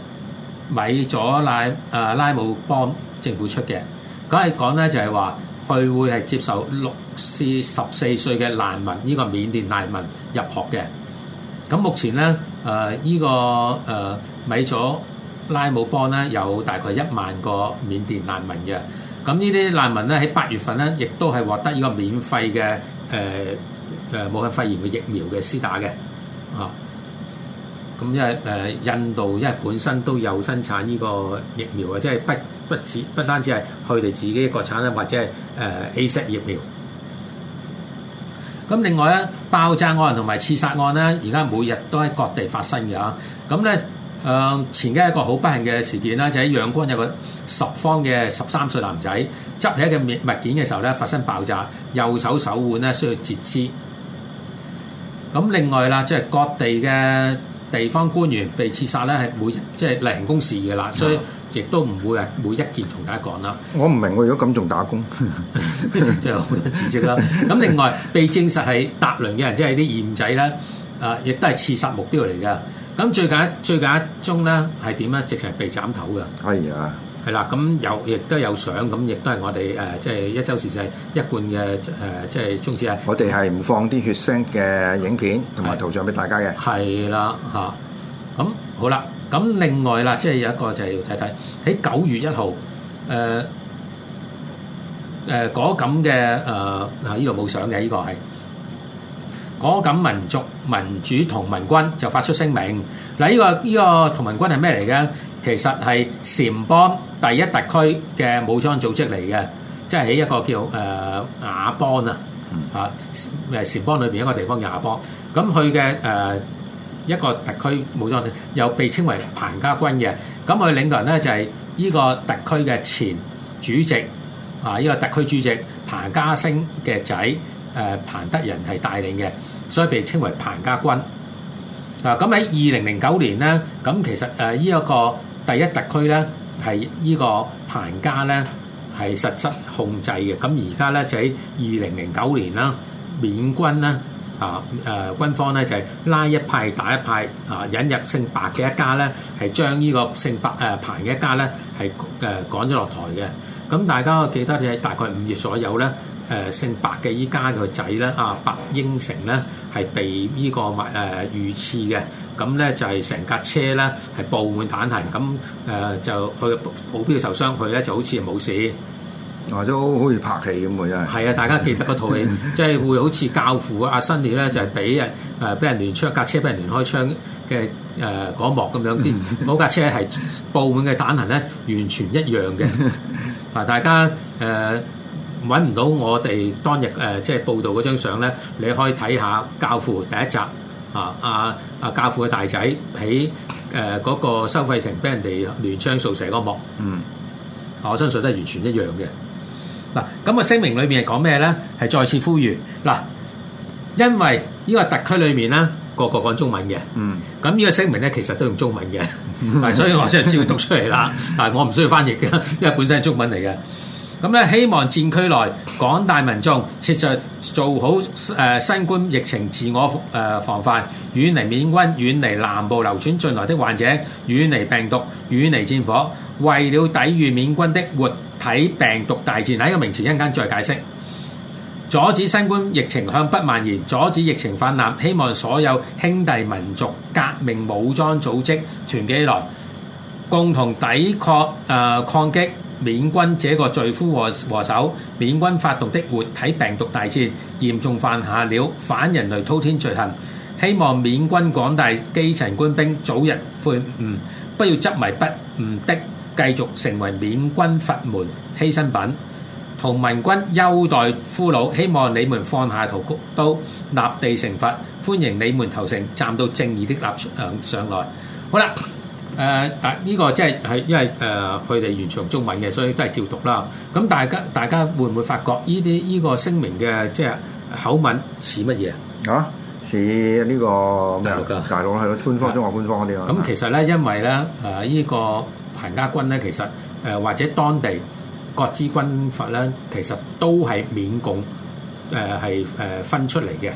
Speaker 1: 米佐拉啊拉姆邦政府出嘅，咁係講咧就係話。佢會係接受六至十四歲嘅難民，呢、這個緬甸難民入學嘅。咁目前咧，誒、呃、依、這個誒、呃、米佐拉姆邦咧有大概一萬個緬甸難民嘅。咁呢啲難民咧喺八月份咧，亦都係獲得呢個免費嘅誒誒武漢肺炎嘅疫苗嘅施打嘅。啊，咁因為誒印度因為本身都有生產呢個疫苗啊，即、就、係、是、不。不止不單止係佢哋自己嘅國產啦，或者係誒 AZ 疫苗。咁另外咧爆炸案同埋刺殺案咧，而家每日都喺各地發生㗎。咁咧誒前幾日一個好不幸嘅事件啦，就喺仰光有個十方嘅十三歲男仔執起一個物件嘅時候咧發生爆炸，右手手腕咧需要截肢。咁另外啦，即係各地嘅。地方官員被刺殺咧，係每即係例行公事嘅啦，所以亦都唔會係每一件從頭講啦。
Speaker 2: 我唔明我如果咁仲打工，
Speaker 1: 即係好多辭職啦。咁另外被證實係達良嘅人，即係啲嫌仔咧，啊、呃，亦都係刺殺目標嚟噶。咁最近最近一宗咧係點咧？直情係被斬頭噶。係啊。係啦，咁有亦都有相，咁亦都係我哋誒，即係一周時事一貫嘅誒，即係宗旨啊！我哋係
Speaker 2: 唔放啲血腥嘅影片同埋圖像俾大家
Speaker 1: 嘅。係啦，嚇！咁好啦，咁另外啦，即係有一個就係要睇睇喺九月一號，誒誒嗰咁嘅誒，啊呢度冇相嘅呢個係嗰咁民族民主同盟軍就發出聲明。嗱，呢個呢個同盟軍係咩嚟嘅？其實係撣邦第一特區嘅武裝組織嚟嘅，即係喺一個叫誒亞、呃、邦啊，啊誒撣邦裏邊一個地方亞邦。咁佢嘅誒一個特區武裝，又被稱為彭家軍嘅。咁佢領導人咧就係、是、呢個特區嘅前主席啊，依個特區主席彭家聲嘅仔誒彭德仁係帶領嘅，所以被稱為彭家軍。嗱、啊，咁喺二零零九年咧，咁其實誒依一個。第一特區咧係呢個彭家咧係實質控制嘅，咁而家咧就喺二零零九年啦，緬軍咧啊誒軍方咧就係拉一派打一派啊，引入姓白嘅一家咧係將呢個姓白誒彭嘅一家咧係誒趕咗落台嘅，咁大家記得就喺大概五月左右咧。誒、呃、姓白嘅依家個仔咧，啊白英成咧，係被、這個呃、預個呢個物誒遇刺嘅。咁咧就係成架車咧係布滿彈痕，咁、呃、誒就佢保鏢受傷，佢咧就好似冇事。啊，都好似拍戲咁喎，真係。係啊，大家記得嗰套戲，即係 [LAUGHS] 會好似教父阿辛尼咧，就係、是、俾、呃、人誒俾人連出架車俾人連開槍嘅嗰、呃、幕咁樣，啲嗰架車係布滿嘅彈痕咧，完全一樣嘅。啊、呃，大家、呃揾唔到我哋當日誒、呃、即係報道嗰張相咧，你可以睇下教父第一集啊！阿、啊、阿教父嘅大仔喺誒嗰個收費亭俾人哋亂槍掃射嗰幕，嗯，我相信都係完全一樣嘅。嗱，咁、嗰個聲明裏面係講咩咧？係再次呼籲嗱，因為呢個特區裏面咧，個個講中文嘅，嗯，咁呢個聲明咧其實都用中文嘅，
Speaker 3: 係文 [LAUGHS] 所以我真係
Speaker 1: 照會讀出嚟啦，啊，我唔需要翻譯嘅，因為本身係中文嚟嘅。咁咧，希望戰區內廣大民眾切實做好誒新冠疫情自我誒防範，遠離緬軍、遠離南部流傳進來的患者、遠離病毒、遠離戰火。為了抵禦緬軍的活體病毒大戰，喺個名詞一陣間再解釋，阻止新冠疫情向北蔓延，阻止疫情氾濫。希望所有兄弟民族革命武裝組織團結起來，共同抵抗誒抗擊。緬軍這個罪魁禍首，緬軍發動的活體病毒大戰，嚴重犯下了反人類滔天罪行。希望緬軍廣大基層官兵早日悔悟，不要執迷不悟的繼續成為緬軍佛門犧牲品。同盟軍優待俘虜，希望你們放下屠刀，立地成佛。歡迎你們投誠，站到正義的立場上來。好啦。誒，大呢、呃這個即係係因為誒佢哋完全中文嘅，所以都係照讀啦。咁大家大家會唔會發覺呢啲呢個聲明嘅即係口吻似乜嘢啊？
Speaker 2: 似呢、這個的大陸嘅，大陸係咯，方官方中國官方嗰
Speaker 1: 啲咯。咁其實咧，因為咧誒呢、呃這個彭家軍咧，其實誒、呃、或者當地各支軍閥咧，其實都係緬共誒係誒分出嚟嘅。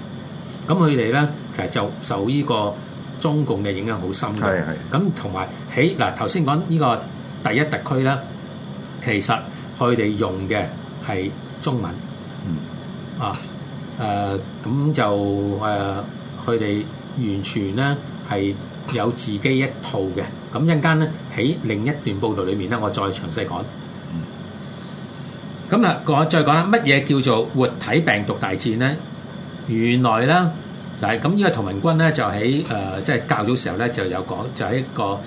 Speaker 1: 咁佢哋咧其實就受呢、這個。中共嘅影響好深嘅，咁同埋喺嗱頭先講呢個第一特區咧，其實佢哋用嘅係中文，嗯、啊誒，咁、呃、就誒佢哋完全咧係有自己一套嘅，咁陣間咧喺另一段報道裏面咧，我再詳細講。咁啊、嗯，我再講啦，乜嘢叫做活體病毒大戰咧？原來咧。但係咁，呢個同盟軍咧就喺誒，即係較早時候咧就有講，就喺一個誒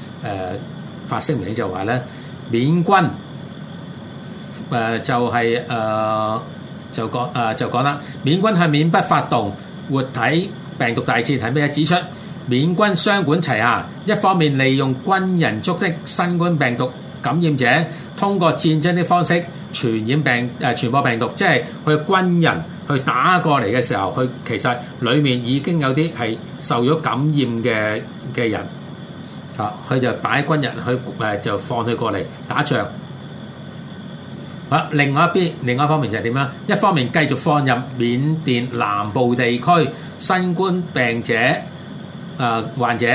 Speaker 1: 發聲明就話咧，緬軍誒就係誒就講誒就講啦，緬軍係緬北發動活體病毒大戰，係咩？指出緬軍雙管齊下，一方面利用軍人中的新冠病毒感染者，通過戰爭的方式傳染病誒傳播病毒，即係佢軍人。去打過嚟嘅時候，佢其實裡面已經有啲係受咗感染嘅嘅人，啊，佢就擺軍人，佢誒就放佢過嚟打仗。好啦，另外一邊，另外一方面就係點啊？一方面繼續放入緬甸南部地區新冠病者、啊患者、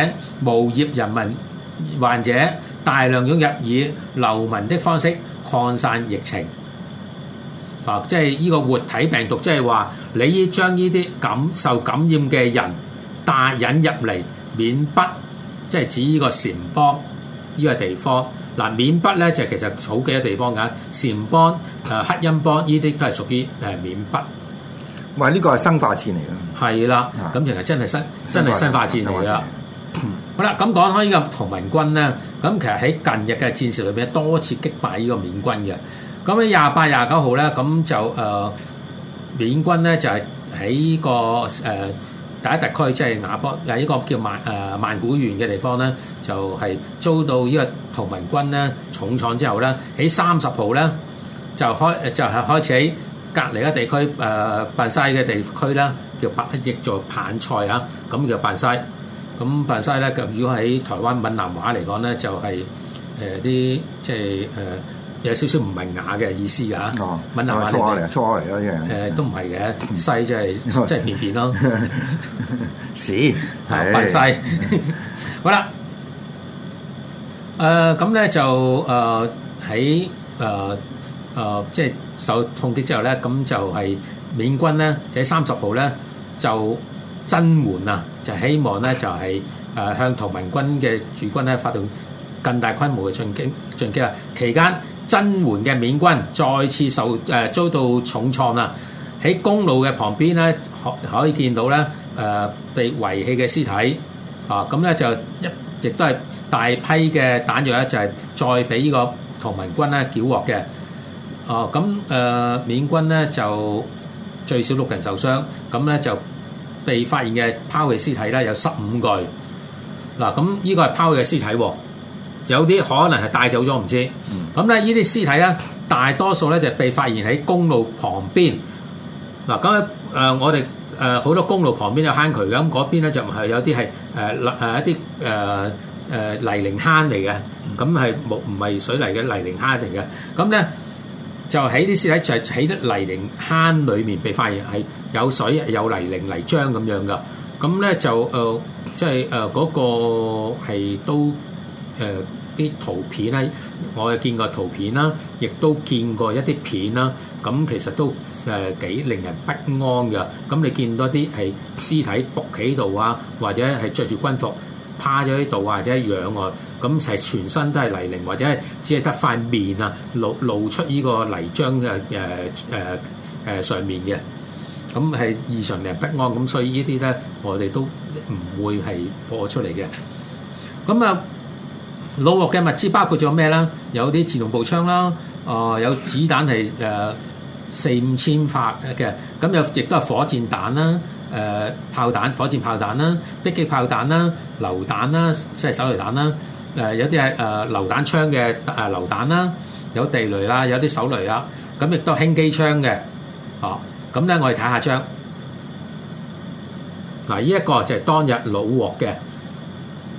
Speaker 1: 無業人民患者大量湧入，以流民的方式擴散疫情。啊，即係呢個活體病毒，即係話你將呢啲感受感染嘅人帶引入嚟，緬北，即係指呢個撣邦呢個地方。嗱、啊，緬北咧就是、其實好幾個地方嘅，撣邦、啊、克欽邦呢啲都係屬於誒緬北。喂，呢、這個係生化戰嚟嘅，係啦的，咁其實真係生真化係生化戰嚟啦。嗯、好啦，咁講開呢個同盟軍咧，咁其實喺近日嘅戰事裏邊多次擊敗呢個緬軍嘅。咁喺廿八廿九號咧，咁就誒，緬軍咧就係喺呢個誒第一特區，即係亞波誒呢個叫曼誒曼古園嘅地方咧，就係、是、遭到呢個同盟軍咧重創之後咧，喺三十號咧就開就係開始喺隔離嘅地區誒辦曬嘅地區啦，叫白邑做棒賽啊。咁就辦曬，咁辦曬咧，如果喺台灣閩南話嚟講咧，就係誒啲即係誒。呃有少少唔明雅嘅意思啊？問下嘛？粗口嚟，粗口嚟咯，一樣 [LAUGHS] [LAUGHS] 是。都唔係嘅，細、 [LAUGHS] 呃、就係、呃呃呃、即係便便咯，
Speaker 2: 屎扮細。
Speaker 1: 好啦，誒咁咧就誒喺誒誒即係受痛擊之後咧，咁就係緬軍咧就喺三十號咧就增援啊，就是、希望咧就係、是呃、向同盟軍嘅主軍咧發動更大規模嘅進擊進擊啦。期間。增援嘅緬軍再次受誒、呃、遭到重創啊！喺公路嘅旁邊咧，可可以見到咧誒、呃、被遺棄嘅屍體啊！咁咧就一直都係大批嘅彈藥咧，就係、是、再俾呢個同盟軍咧繳獲嘅。哦，咁誒緬軍咧就最少六人受傷，咁咧就被發現嘅拋棄屍體咧有十五具。嗱、啊，咁呢個係拋棄嘅屍體喎、啊。有啲可能係帶走咗，唔知。咁咧，依啲屍體咧，大多數咧就係被發現喺公路旁邊。嗱，咁誒，我哋誒好多公路旁邊有坑渠嘅，咁嗰邊咧就唔係有啲係誒誒一啲誒誒泥濘坑嚟嘅，咁係冇唔係水泥嘅泥濘坑嚟嘅。咁咧就喺啲屍體就喺啲泥濘坑裡面被發現，係有水有泥濘泥漿咁樣噶。咁咧就誒即係誒嗰個係都。誒啲、呃、圖片咧，我有見過圖片啦，亦都見過一啲片啦。咁其實都誒幾、呃、令人不安嘅。咁你見到啲係屍體伏企度啊，或者係着住軍服趴咗喺度，或者仰喎，咁成全身都係泥濘，或者係只係得塊面啊露露出呢個泥漿嘅誒誒誒上面嘅。咁係異常令人不安。咁所以呢啲咧，我哋都唔會係播出嚟嘅。咁啊～老鑊嘅物資包括咗咩咧？有啲自動步槍啦，啊有子彈係誒四五千發嘅，咁又亦都係火箭彈啦、誒、呃、炮彈、火箭炮彈啦、迫擊炮彈啦、榴彈啦，即係手榴彈啦。誒有啲係誒榴彈槍嘅誒榴彈啦，有地雷啦，有啲手雷啦，咁亦都係輕機槍嘅。哦，咁咧我哋睇下張，嗱呢一個就係當日老鑊嘅。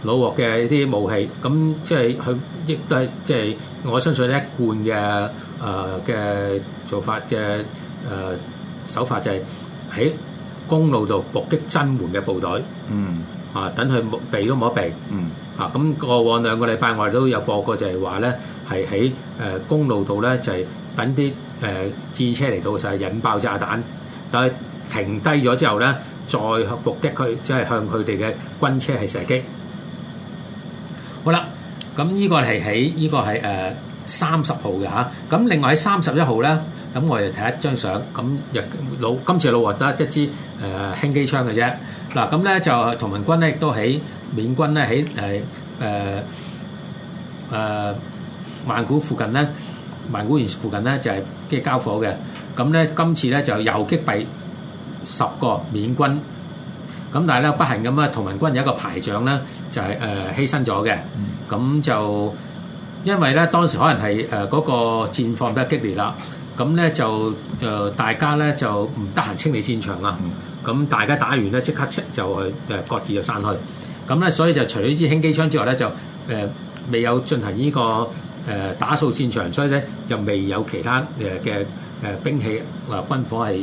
Speaker 1: 老鑊嘅一啲武器，咁即係佢亦都係即係我相信咧，一貫嘅誒嘅做法嘅誒手法就係喺公路度伏擊增援嘅部隊，嗯啊，等佢避都冇得避，
Speaker 3: 嗯
Speaker 1: 啊，咁過往兩個禮拜我哋都有播過，就係話咧係喺誒公路度咧就係等啲誒戰車嚟到就係引爆炸彈，但係停低咗之後咧再伏擊佢，即係向佢哋嘅軍車係射擊。好啦，咁依個係喺依個係誒三十號嘅嚇，咁另外喺三十一號咧，咁我哋睇一張相，咁日老今次老獲得一支誒輕機槍嘅啫。嗱，咁咧就同盟軍咧亦都喺緬軍咧喺誒誒誒曼古附近咧，曼古園附近咧就係即係交火嘅。咁咧今次咧就又擊斃十個緬軍。咁但係咧不幸咁啊，同文軍有一個排長咧就係誒犧牲咗嘅。咁、嗯、就因為咧當時可能係誒嗰個戰況比較激烈啦，咁咧就誒大家咧就唔得閒清理戰場啊。咁、嗯、大家打完咧即刻就誒各自就散去。咁咧所以就除咗支輕機槍之外咧就誒未有進行呢個誒打掃戰場，所以咧就未有其他嘅。誒兵器話軍火係誒誒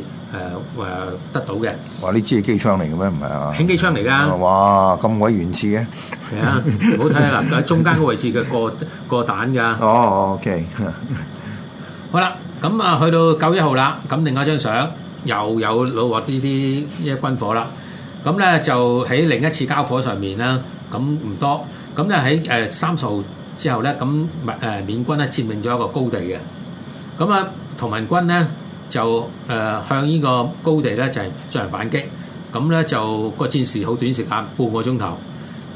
Speaker 1: 得到嘅，
Speaker 2: 哇呢支係機槍嚟嘅咩？唔係啊，輕機槍嚟㗎！哇，咁鬼原始
Speaker 1: 嘅。係啊，唔好睇啊嗱，喺中間個位置嘅個個彈噶。哦，OK，好啦，咁啊，去到九月一號啦，咁另外一張相又有攞獲呢啲呢啲軍火啦。咁咧就喺另一次交火上面啦。咁唔多。咁咧喺誒三十號之後咧，咁誒緬軍咧佔領咗一個高地嘅。咁啊～同盟軍咧就誒、呃、向呢個高地咧就係、是、進行反擊，咁咧就個戰事好短時間，半個鐘頭，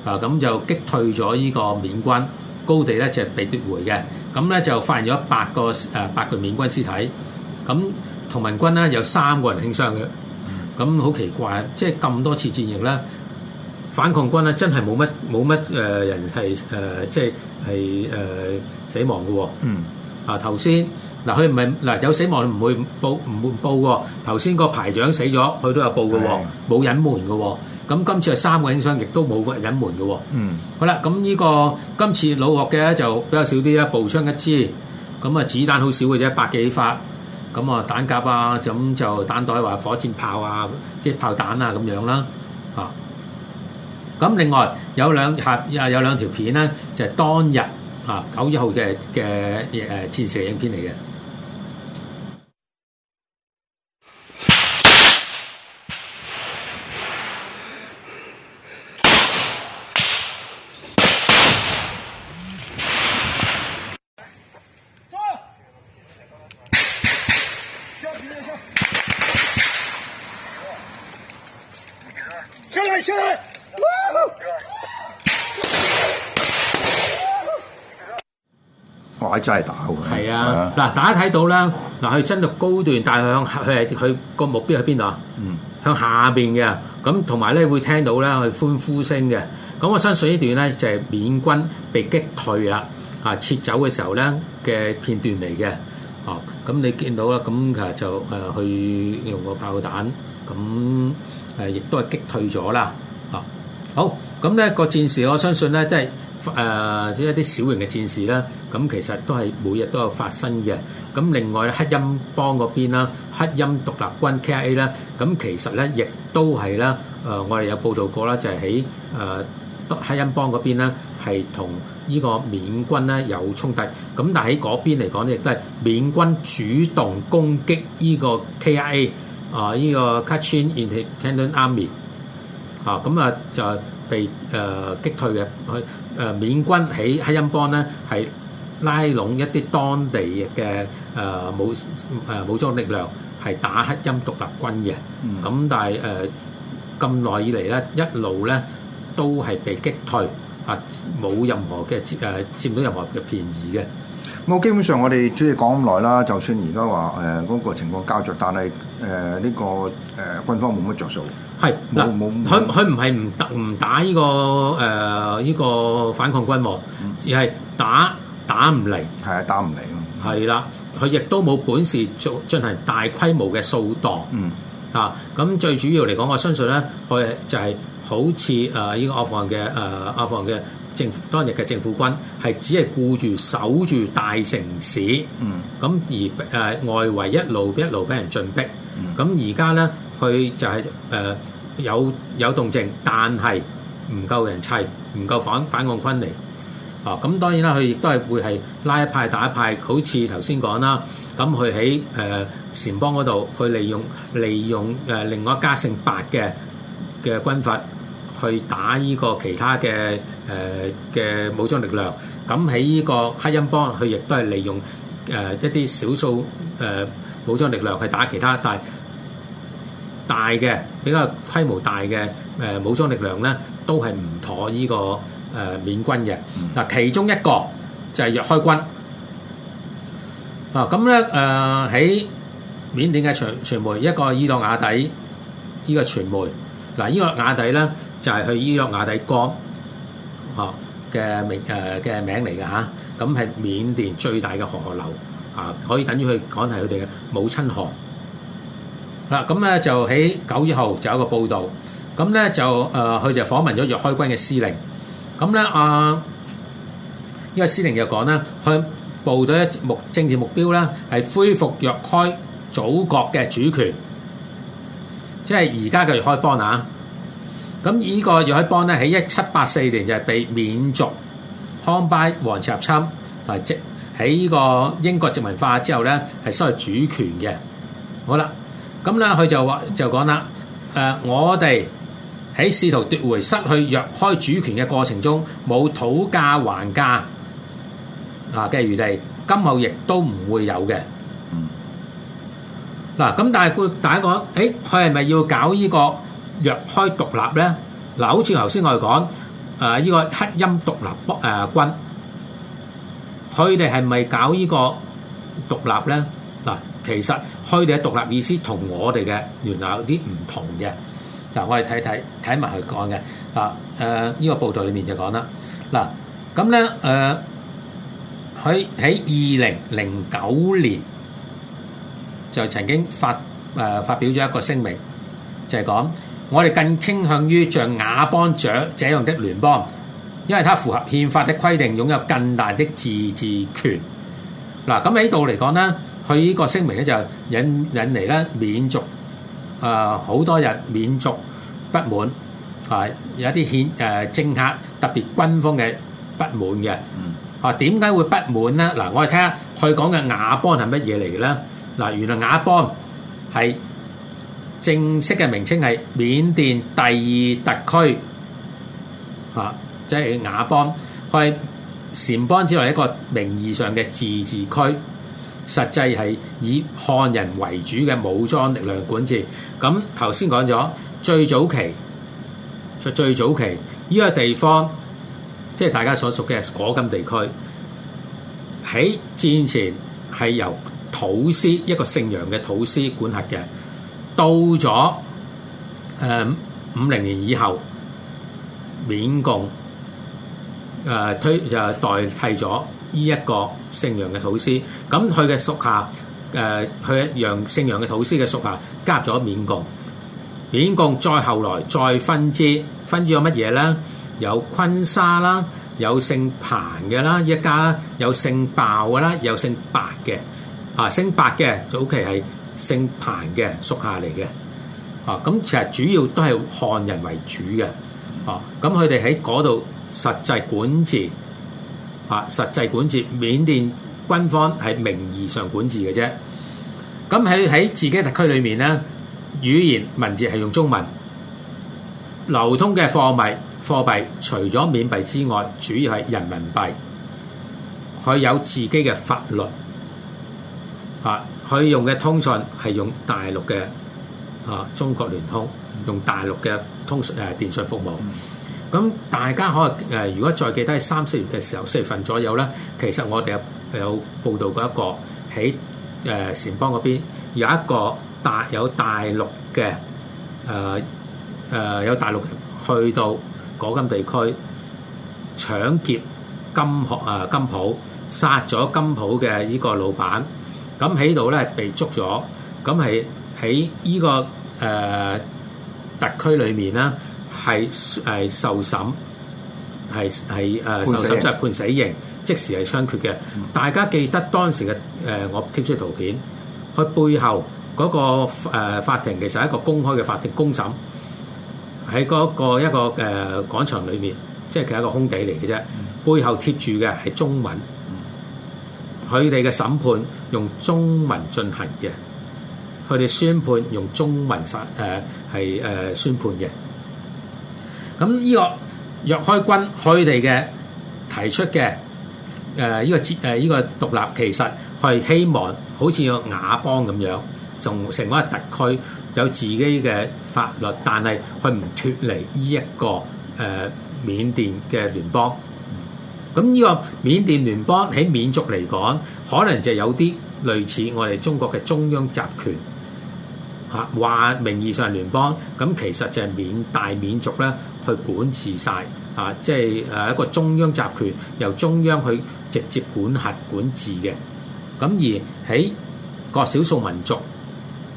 Speaker 1: 啊咁就擊退咗呢個緬軍高地咧就係、是、被奪回嘅，咁咧就發現咗八個誒八具緬軍屍體，咁同盟軍咧有三個人輕傷嘅，咁好奇怪，即係咁多次戰役咧，反抗軍咧真係冇乜冇乜誒人係誒即係係誒死亡嘅喎、哦，嗯啊，啊頭先。嗱，佢唔係嗱有死亡唔會報唔會報喎。頭先個排長死咗，佢都有報嘅喎，冇是的 隱瞞嘅喎。咁今次係三個輕傷，亦都冇隱瞞嘅喎。嗯好，好啦、這個，咁呢個今次鹵獲嘅就比較少啲啦，步槍一支，咁啊子彈好少嘅啫，百幾發。咁啊彈夾啊，咁就彈袋話、啊啊、火箭炮啊，即係炮彈啊咁樣啦、啊。嚇，咁另外有兩盒啊，有兩條片咧，就係、是、當日嚇九一號嘅嘅誒戰事影片嚟嘅。真係打㗎，係啊！嗱、啊，大家睇到啦，嗱，佢升到高段，但係向佢係佢個目標喺邊度啊？嗯，向下邊嘅，咁，同埋咧會聽到咧佢歡呼聲嘅。咁我相信呢段咧就係緬軍被擊退啦，啊撤走嘅時候咧嘅片段嚟嘅。哦，咁你見到啦，咁其實就誒去用個炮彈，咁誒亦都係擊退咗啦。啊，好，咁、那、咧個戰士，我相信咧即係。誒，即係啲小型嘅戰事啦，咁其實都係每日都有發生嘅。咁另外克欽邦嗰邊啦，克欽獨立軍 KIA 咧，咁其實咧亦都係啦，誒，我哋有報道過啦，就係喺誒克欽邦嗰邊啦，係同依個緬軍咧有衝突。咁但係喺嗰邊嚟講咧，亦都係緬軍主動攻擊依個 KIA 啊，依個 Kachin Independence Army 啊，咁啊就。被誒、呃、擊退嘅，佢、呃、誒緬軍喺克欽邦咧係拉攏一啲當地嘅誒、呃、武誒、呃、武裝力量係打克欽獨立軍嘅，咁、嗯、但係誒咁耐以嚟咧一路咧都係被擊退，嚇、啊、冇任何嘅、呃、佔誒到任何嘅便宜嘅。我
Speaker 2: 基本上我哋主要講咁耐啦，就算而家話誒嗰個情況膠着，但係誒呢個誒、呃、軍方冇乜着數。
Speaker 1: 係嗱，佢佢唔係唔打唔打依、這個誒依、呃這個反抗軍喎，只係打打唔嚟。係啊，打唔嚟咯。係啦，佢亦都冇本事做進行大規模嘅掃蕩。嗯啊，咁最主要嚟講，我相信咧，佢就係好似誒依個阿富汗嘅誒、呃、阿富汗嘅政府當日嘅政府軍，係只係顧住守住大城市。嗯，咁而誒、呃、外圍一路一路俾人進逼。咁而家咧。啊佢就係、是、誒、呃、有有動靜，但係唔夠人砌，唔夠反反抗軍嚟。哦，咁當然啦，佢亦都係會係拉一派打一派。好似頭先講啦，咁佢喺誒撣邦嗰度，佢利用利用誒、呃、另外一家姓白嘅嘅軍閥去打呢個其他嘅誒嘅武裝力量。咁喺呢個克欽邦，佢亦都係利用誒、呃、一啲少數誒、呃、武裝力量去打其他，但係。大嘅比較規模大嘅誒武裝力量咧，都係唔妥呢、呢個誒、呃、緬軍嘅。嗱，其中一個就係若開軍。啊，咁咧誒喺緬甸嘅傳傳媒，一個伊洛瓦底呢、呢個傳媒。嗱、啊，伊洛瓦底咧就係、係、去伊洛瓦底江，嚇、啊、嘅名誒嘅、呃、名嚟嘅嚇。咁、啊、係緬甸最大嘅河流，啊，可以等於去講係佢哋嘅母親河。嗱咁咧就喺九月號就有一個報導，咁咧就誒佢、呃、就訪問咗若開軍嘅司令，咁咧啊，呢、這個司令就講啦，佢部隊一目政治目標咧係恢復若開祖國嘅主權，即係而家嘅若開邦啊！咁依個若開邦咧喺一七八四年就係被緬族康拜王朝入侵，係喺英國殖民化之後咧係失去主權嘅，好啦。咁啦，佢就話就講啦，誒，我哋喺試圖奪回失去若開主權嘅過程中，冇討價還價啊嘅餘地，今後亦都唔會有嘅。嗱，咁但係佢大家講，誒，佢係咪要搞呢個若開獨立咧？嗱，好似頭先我哋講，誒，呢個克欽獨立北誒軍，佢哋係咪搞呢個獨立咧？嗱？其實佢哋嘅獨立意思同我哋嘅原來有啲唔同嘅，嗱我哋睇睇睇埋佢講嘅啊誒呢個報道裏面就講啦，嗱咁咧誒佢喺二零零九年就曾經發誒發表咗一個聲明，就係講我哋更傾向於像亞邦這這樣的聯邦，因為它符合憲法的規定，擁有更大的自治權。嗱咁喺度嚟講咧。佢依個聲明咧就引引嚟咧緬族啊，好多日緬族不滿啊，有啲顯誒政客特別軍方嘅不滿嘅啊。點解會不滿咧？嗱我哋睇下佢講嘅佤邦係乜嘢嚟嘅咧，嗱原來佤邦係正式嘅名稱係緬甸第二特區啊，即係佤邦佢撣邦只係一個名義上嘅自治區。實際係以漢人為主嘅武裝力量管治。咁頭先講咗最早期，最早期呢個地方，即係大家所熟知嘅果敢地區，喺戰前係由土司一個姓楊嘅土司管轄嘅。到咗誒五零年以後，緬共誒、呃、推就、呃、代替咗。呢一個姓楊嘅土司，咁佢嘅屬下，誒佢姓楊嘅土司嘅屬下加入咗緬共，緬共再後來再分支，分咗乜嘢咧？有坤沙啦，有姓彭嘅啦，一家有姓鮑嘅啦，有姓白嘅，啊姓白嘅早期係姓彭嘅屬下嚟嘅，啊咁其實主要都係漢人為主嘅，啊咁佢哋喺嗰度實際管治。啊！實際管治，緬甸軍方係名義上管治嘅啫。咁喺喺自己特區裏面咧，語言文字係用中文，流通嘅貨幣、貨幣除咗緬幣之外，主要係人民幣。佢有自己嘅法律，啊！佢用嘅通訊係用大陸嘅啊中國聯通，用大陸嘅通誒電信服務。咁大家可能誒，如果再記得係三四月嘅時候，四月份左右咧，其實我哋有有報道過一個喺誒撣邦嗰邊有一個大有大陸嘅誒誒有大陸人去到果敢地區搶劫金學啊金鋪，殺咗金鋪嘅依個老闆，咁喺度咧被捉咗，咁係喺依個誒特區裏面啦。係誒受審，係係誒受審，即係判死刑，即時係槍決嘅。大家記得當時嘅誒，我貼出嘅圖片，佢背後嗰個誒法庭其實係一個公開嘅法庭公審，喺嗰個一個誒廣場裏面，即係佢係一個空地嚟嘅啫。背後貼住嘅係中文，佢哋嘅審判用中文進行嘅，佢哋宣判用中文殺誒係誒宣判嘅。咁呢個若開軍佢哋嘅提出嘅呃呢個、呃呢個獨立其實係希望好似個佤邦咁樣，仲成個特區有自己嘅法律，但係佢唔脫離呢一個誒緬甸嘅聯邦。咁呢個緬甸聯邦喺緬族嚟講，可能就有啲類似我哋中國嘅中央集權。話名義上聯邦，咁其實就係免大免族咧，去管治晒，啊！即係誒一個中央集權，由中央去直接管轄管治嘅。咁而喺各少數民族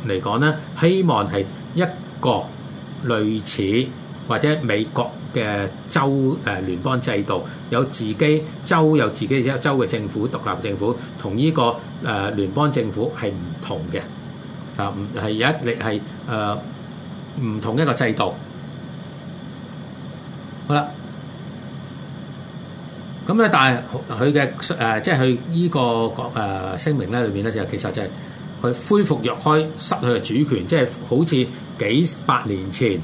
Speaker 1: 嚟講咧，希望係一個類似或者美國嘅州誒聯邦制度，有自己州有自己州嘅政府、獨立政府，同呢個誒聯邦政府係唔同嘅。啊，係有一力係誒唔同一個制度。好啦，咁咧，但係佢嘅誒，即係佢呢個國誒、呃、聲明咧裏面咧，就其實就係佢恢復若開失去嘅主權，即係好似幾百年前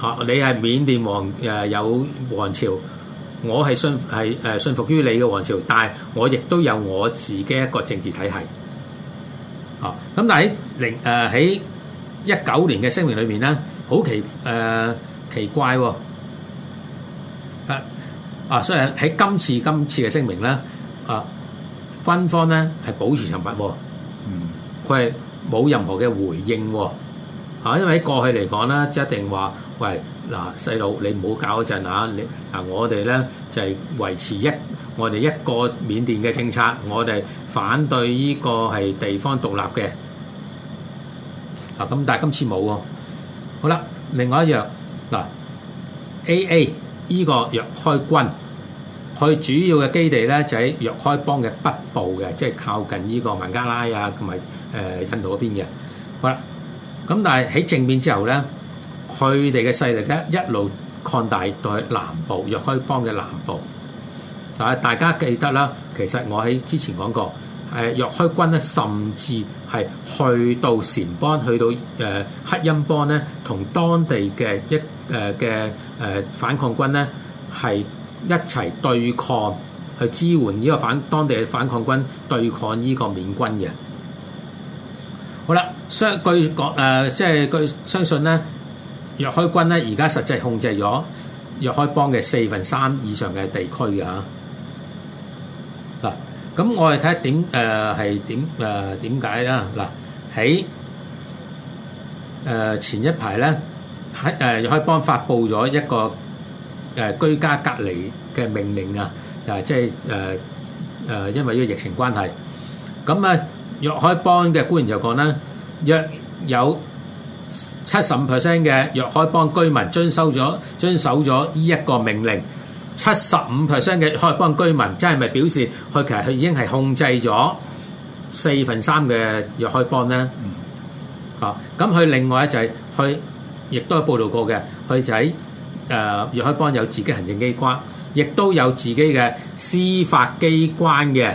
Speaker 1: 啊，你係緬甸王誒、呃、有王朝，我係信係誒、呃、信服於你嘅王朝，但係我亦都有我自己一個政治體系。哦，咁但喺零誒喺一九年嘅聲明裏面咧，好奇誒奇怪喎，啊啊，所以喺今次今次嘅聲明咧，啊軍方咧係保持沉默，嗯，佢係冇任何嘅回應喎，嚇，因為喺過去嚟講咧，一定話喂，嗱細佬你唔好搞一陣嚇，你嗱我哋咧就係維持一。我哋一個緬甸嘅政策，我哋反對依個係地方獨立嘅。嗱咁，但係今次冇喎。好啦，另外一樣嗱，A A 依個若開軍，佢主要嘅基地咧就喺若開邦嘅北部嘅，即係靠近依個孟加拉啊同埋誒印度嗰邊嘅。好啦，咁但係喺政變之後咧，佢哋嘅勢力咧一路擴大到去南部若開邦嘅南部。大家記得啦，其實我喺之前講過，誒，若開軍咧，甚至係去到撣邦、去到誒黑音邦咧，同當地嘅一誒嘅誒反抗軍咧，係一齊對抗去支援呢個反當地嘅反抗軍對抗呢個緬軍嘅。好啦，相據講誒，即係據相信咧，若開軍咧，而家實際控制咗若開邦嘅四分三以上嘅地區嘅嚇。咁我哋睇下點誒係點誒點解啦？嗱喺誒前一排咧喺誒若開邦發布咗一個誒居家隔離嘅命令啊！啊即係誒誒因為呢個疫情關係，咁啊若開邦嘅官員就講啦，約有七十五 percent 嘅若開邦居民遵守咗遵守咗呢一個命令。七十五 percent 嘅若開邦居民，即係咪表示佢其實佢已經係控制咗四分三嘅若開邦咧？嗯、啊，咁佢另外一就係佢亦都報道過嘅，佢就喺誒若開邦有自己行政機關，亦都有自己嘅司法機關嘅，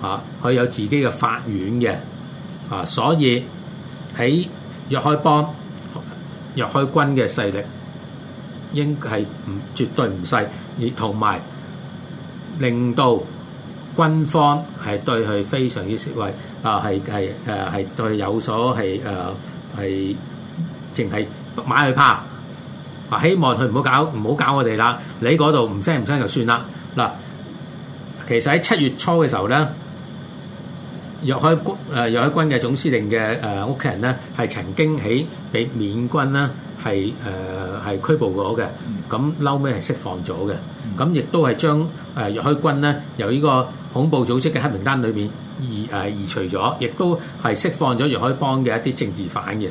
Speaker 1: 吓、啊，佢有自己嘅法院嘅，啊，所以喺若開邦若開軍嘅勢力。應係唔絕對唔細，而同埋令到軍方係對佢非常之畏，啊係係誒係對佢有所係誒係淨係買去怕，話希望佢唔好搞唔好搞我哋啦！你嗰度唔聲唔聲就算啦。嗱，其實喺七月初嘅時候咧，若海軍誒若海軍嘅總司令嘅誒屋企人咧，係曾經喺俾緬軍咧係誒。呃係拘捕咗嘅，咁嬲尾係釋放咗嘅，咁亦都係將誒若海軍咧由呢個恐怖組織嘅黑名單裏面移誒移除咗，亦都係釋放咗若海邦嘅一啲政治犯嘅。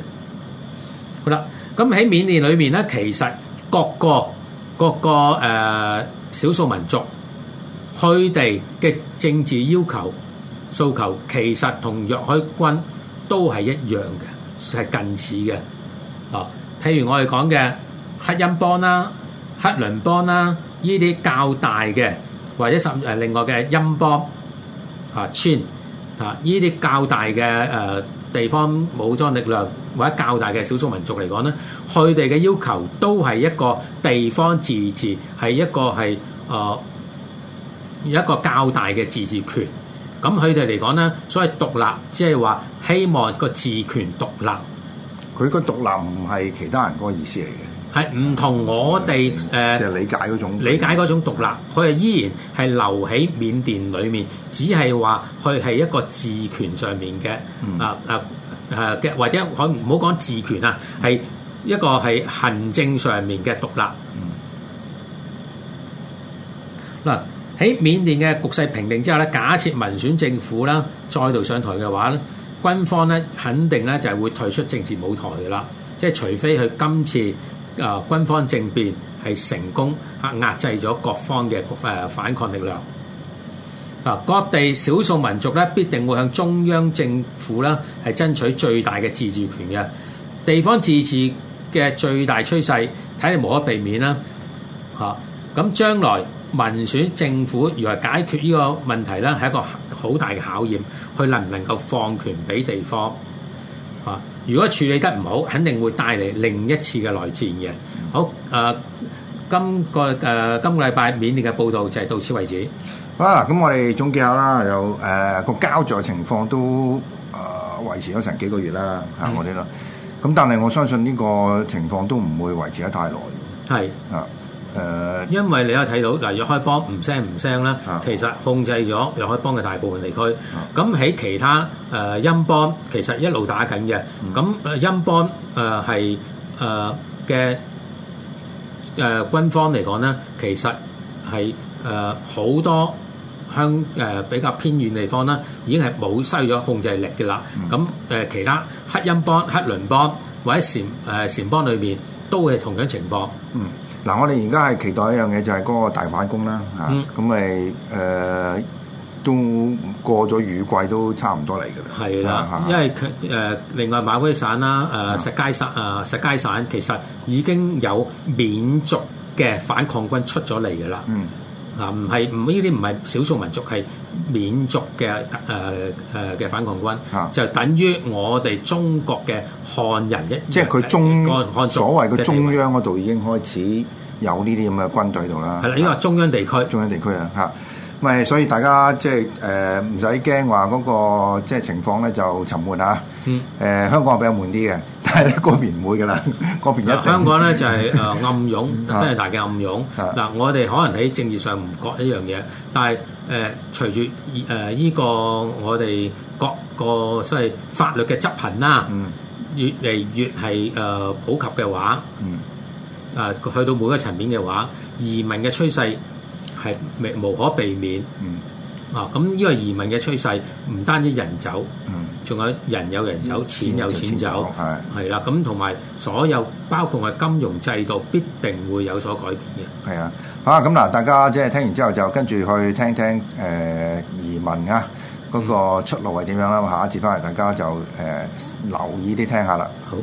Speaker 1: 好啦，咁喺緬甸裏面咧，其實各個各個誒少數民族佢哋嘅政治要求訴求，其實同若海軍都係一樣嘅，係近似嘅。哦，譬如我哋講嘅。黑音邦啦、黑倫邦啦，呢啲較大嘅或者十誒另外嘅音波啊，村啊，呢啲較大嘅誒、呃、地方武裝力量或者較大嘅少數民族嚟講咧，佢哋嘅要求都係一個地方自治，係一個係誒、呃、一個較大嘅自治權。咁佢哋嚟講咧，所謂獨立即係話希望個自權獨立。佢個獨立唔係其他人嗰個意思嚟嘅。係唔同我哋誒、呃、理解嗰種理解嗰種獨立，佢係依然係留喺緬甸裡面，只係話佢係一個治權上面嘅、嗯、啊啊誒嘅，或者可唔好講治權啊，係一個係行政上面嘅獨立。嗱喺、嗯、緬甸嘅局勢平定之後咧，假設民選政府啦再度上台嘅話咧，軍方咧肯定咧就係會退出政治舞台嘅啦，即係除非佢今次。誒軍方政變係成功壓制咗各方嘅誒反抗力量。啊，各地少數民族咧必定會向中央政府啦，係爭取最大嘅自治權嘅。地方自治嘅最大趨勢，睇嚟無可避免啦。嚇，咁將來民選政府如何解決呢個問題咧，係一個好大嘅考驗，佢能唔能夠放權俾地方？嚇。如果處理得唔好，肯定會帶嚟另一次嘅內戰嘅。好，誒、呃，今個誒、呃、今個禮拜緬甸嘅報道就係到此為止，啊。
Speaker 2: 好，咁我哋總結下啦，有誒個膠著情況都誒、呃、維持咗成幾個月啦，喺我哋度。咁但係我相信呢個情況都唔會維持得太耐。
Speaker 1: 係是的 啊。誒，因為你可以睇到嗱，若開邦唔聲唔聲啦，其實控制咗若開邦嘅大部分地區。咁喺、啊、其他誒陰邦，其實一路打緊嘅。咁誒陰邦誒係誒嘅誒軍方嚟講咧，其實係誒好多香誒、呃、比較偏遠地方咧，已經係冇收咗控制力嘅啦。咁誒、嗯呃、其他黑陰邦、黑倫邦或者撣誒撣邦裏面，都係同樣情況。嗯。
Speaker 2: 嗱，我哋而家係期待一樣嘢，就係、是、嗰個大反攻啦，嚇、啊！咁咪誒都過咗雨季，都差唔多嚟嘅啦。
Speaker 1: 係啦的，啊、因為佢誒、呃、另外馬威省啦、誒、呃、實皆省啊、呃、實皆省其實已經有緬族嘅反抗軍出咗嚟嘅啦。嗯、啊，嗱，唔係唔呢啲唔係少數民族係。緬族嘅誒誒嘅反抗軍，啊、就等於我哋中國嘅漢人一，即係佢中，所謂嘅中
Speaker 2: 央嗰度已經開始有呢啲咁嘅軍隊度啦。係啦、啊，因為、啊、中央地區，中央地區啊，咁咪所以大家即係誒唔使驚話嗰個即係、就是、情況咧就沉悶啊。嗯、呃，香港比較悶啲嘅，但係咧嗰邊唔會嘅啦，嗰、啊、香港咧就係誒暗
Speaker 1: 湧，真係、啊、大嘅暗湧。嗱、啊啊，我哋可能喺政治上唔覺一樣嘢，但係。誒、呃、隨住誒呢個我哋各個即係法律嘅執行啦、啊，嗯、越嚟越係、呃、普及嘅話，嗯、去到每個層面嘅話，移民嘅趨勢係未無可避免？嗯、啊，咁呢個移民嘅趨勢唔單止人走，仲、嗯、有人有人走，錢有錢走，係啦。咁同埋所有包括金融制度必定會有所改變嘅。係啊。
Speaker 2: 啊，咁嗱，大家即係聽完之後就跟住去聽聽誒、呃、移民啊嗰、
Speaker 3: 嗰個出路係點樣啦。下一節翻嚟，大家就誒、呃、留意啲聽下啦。好。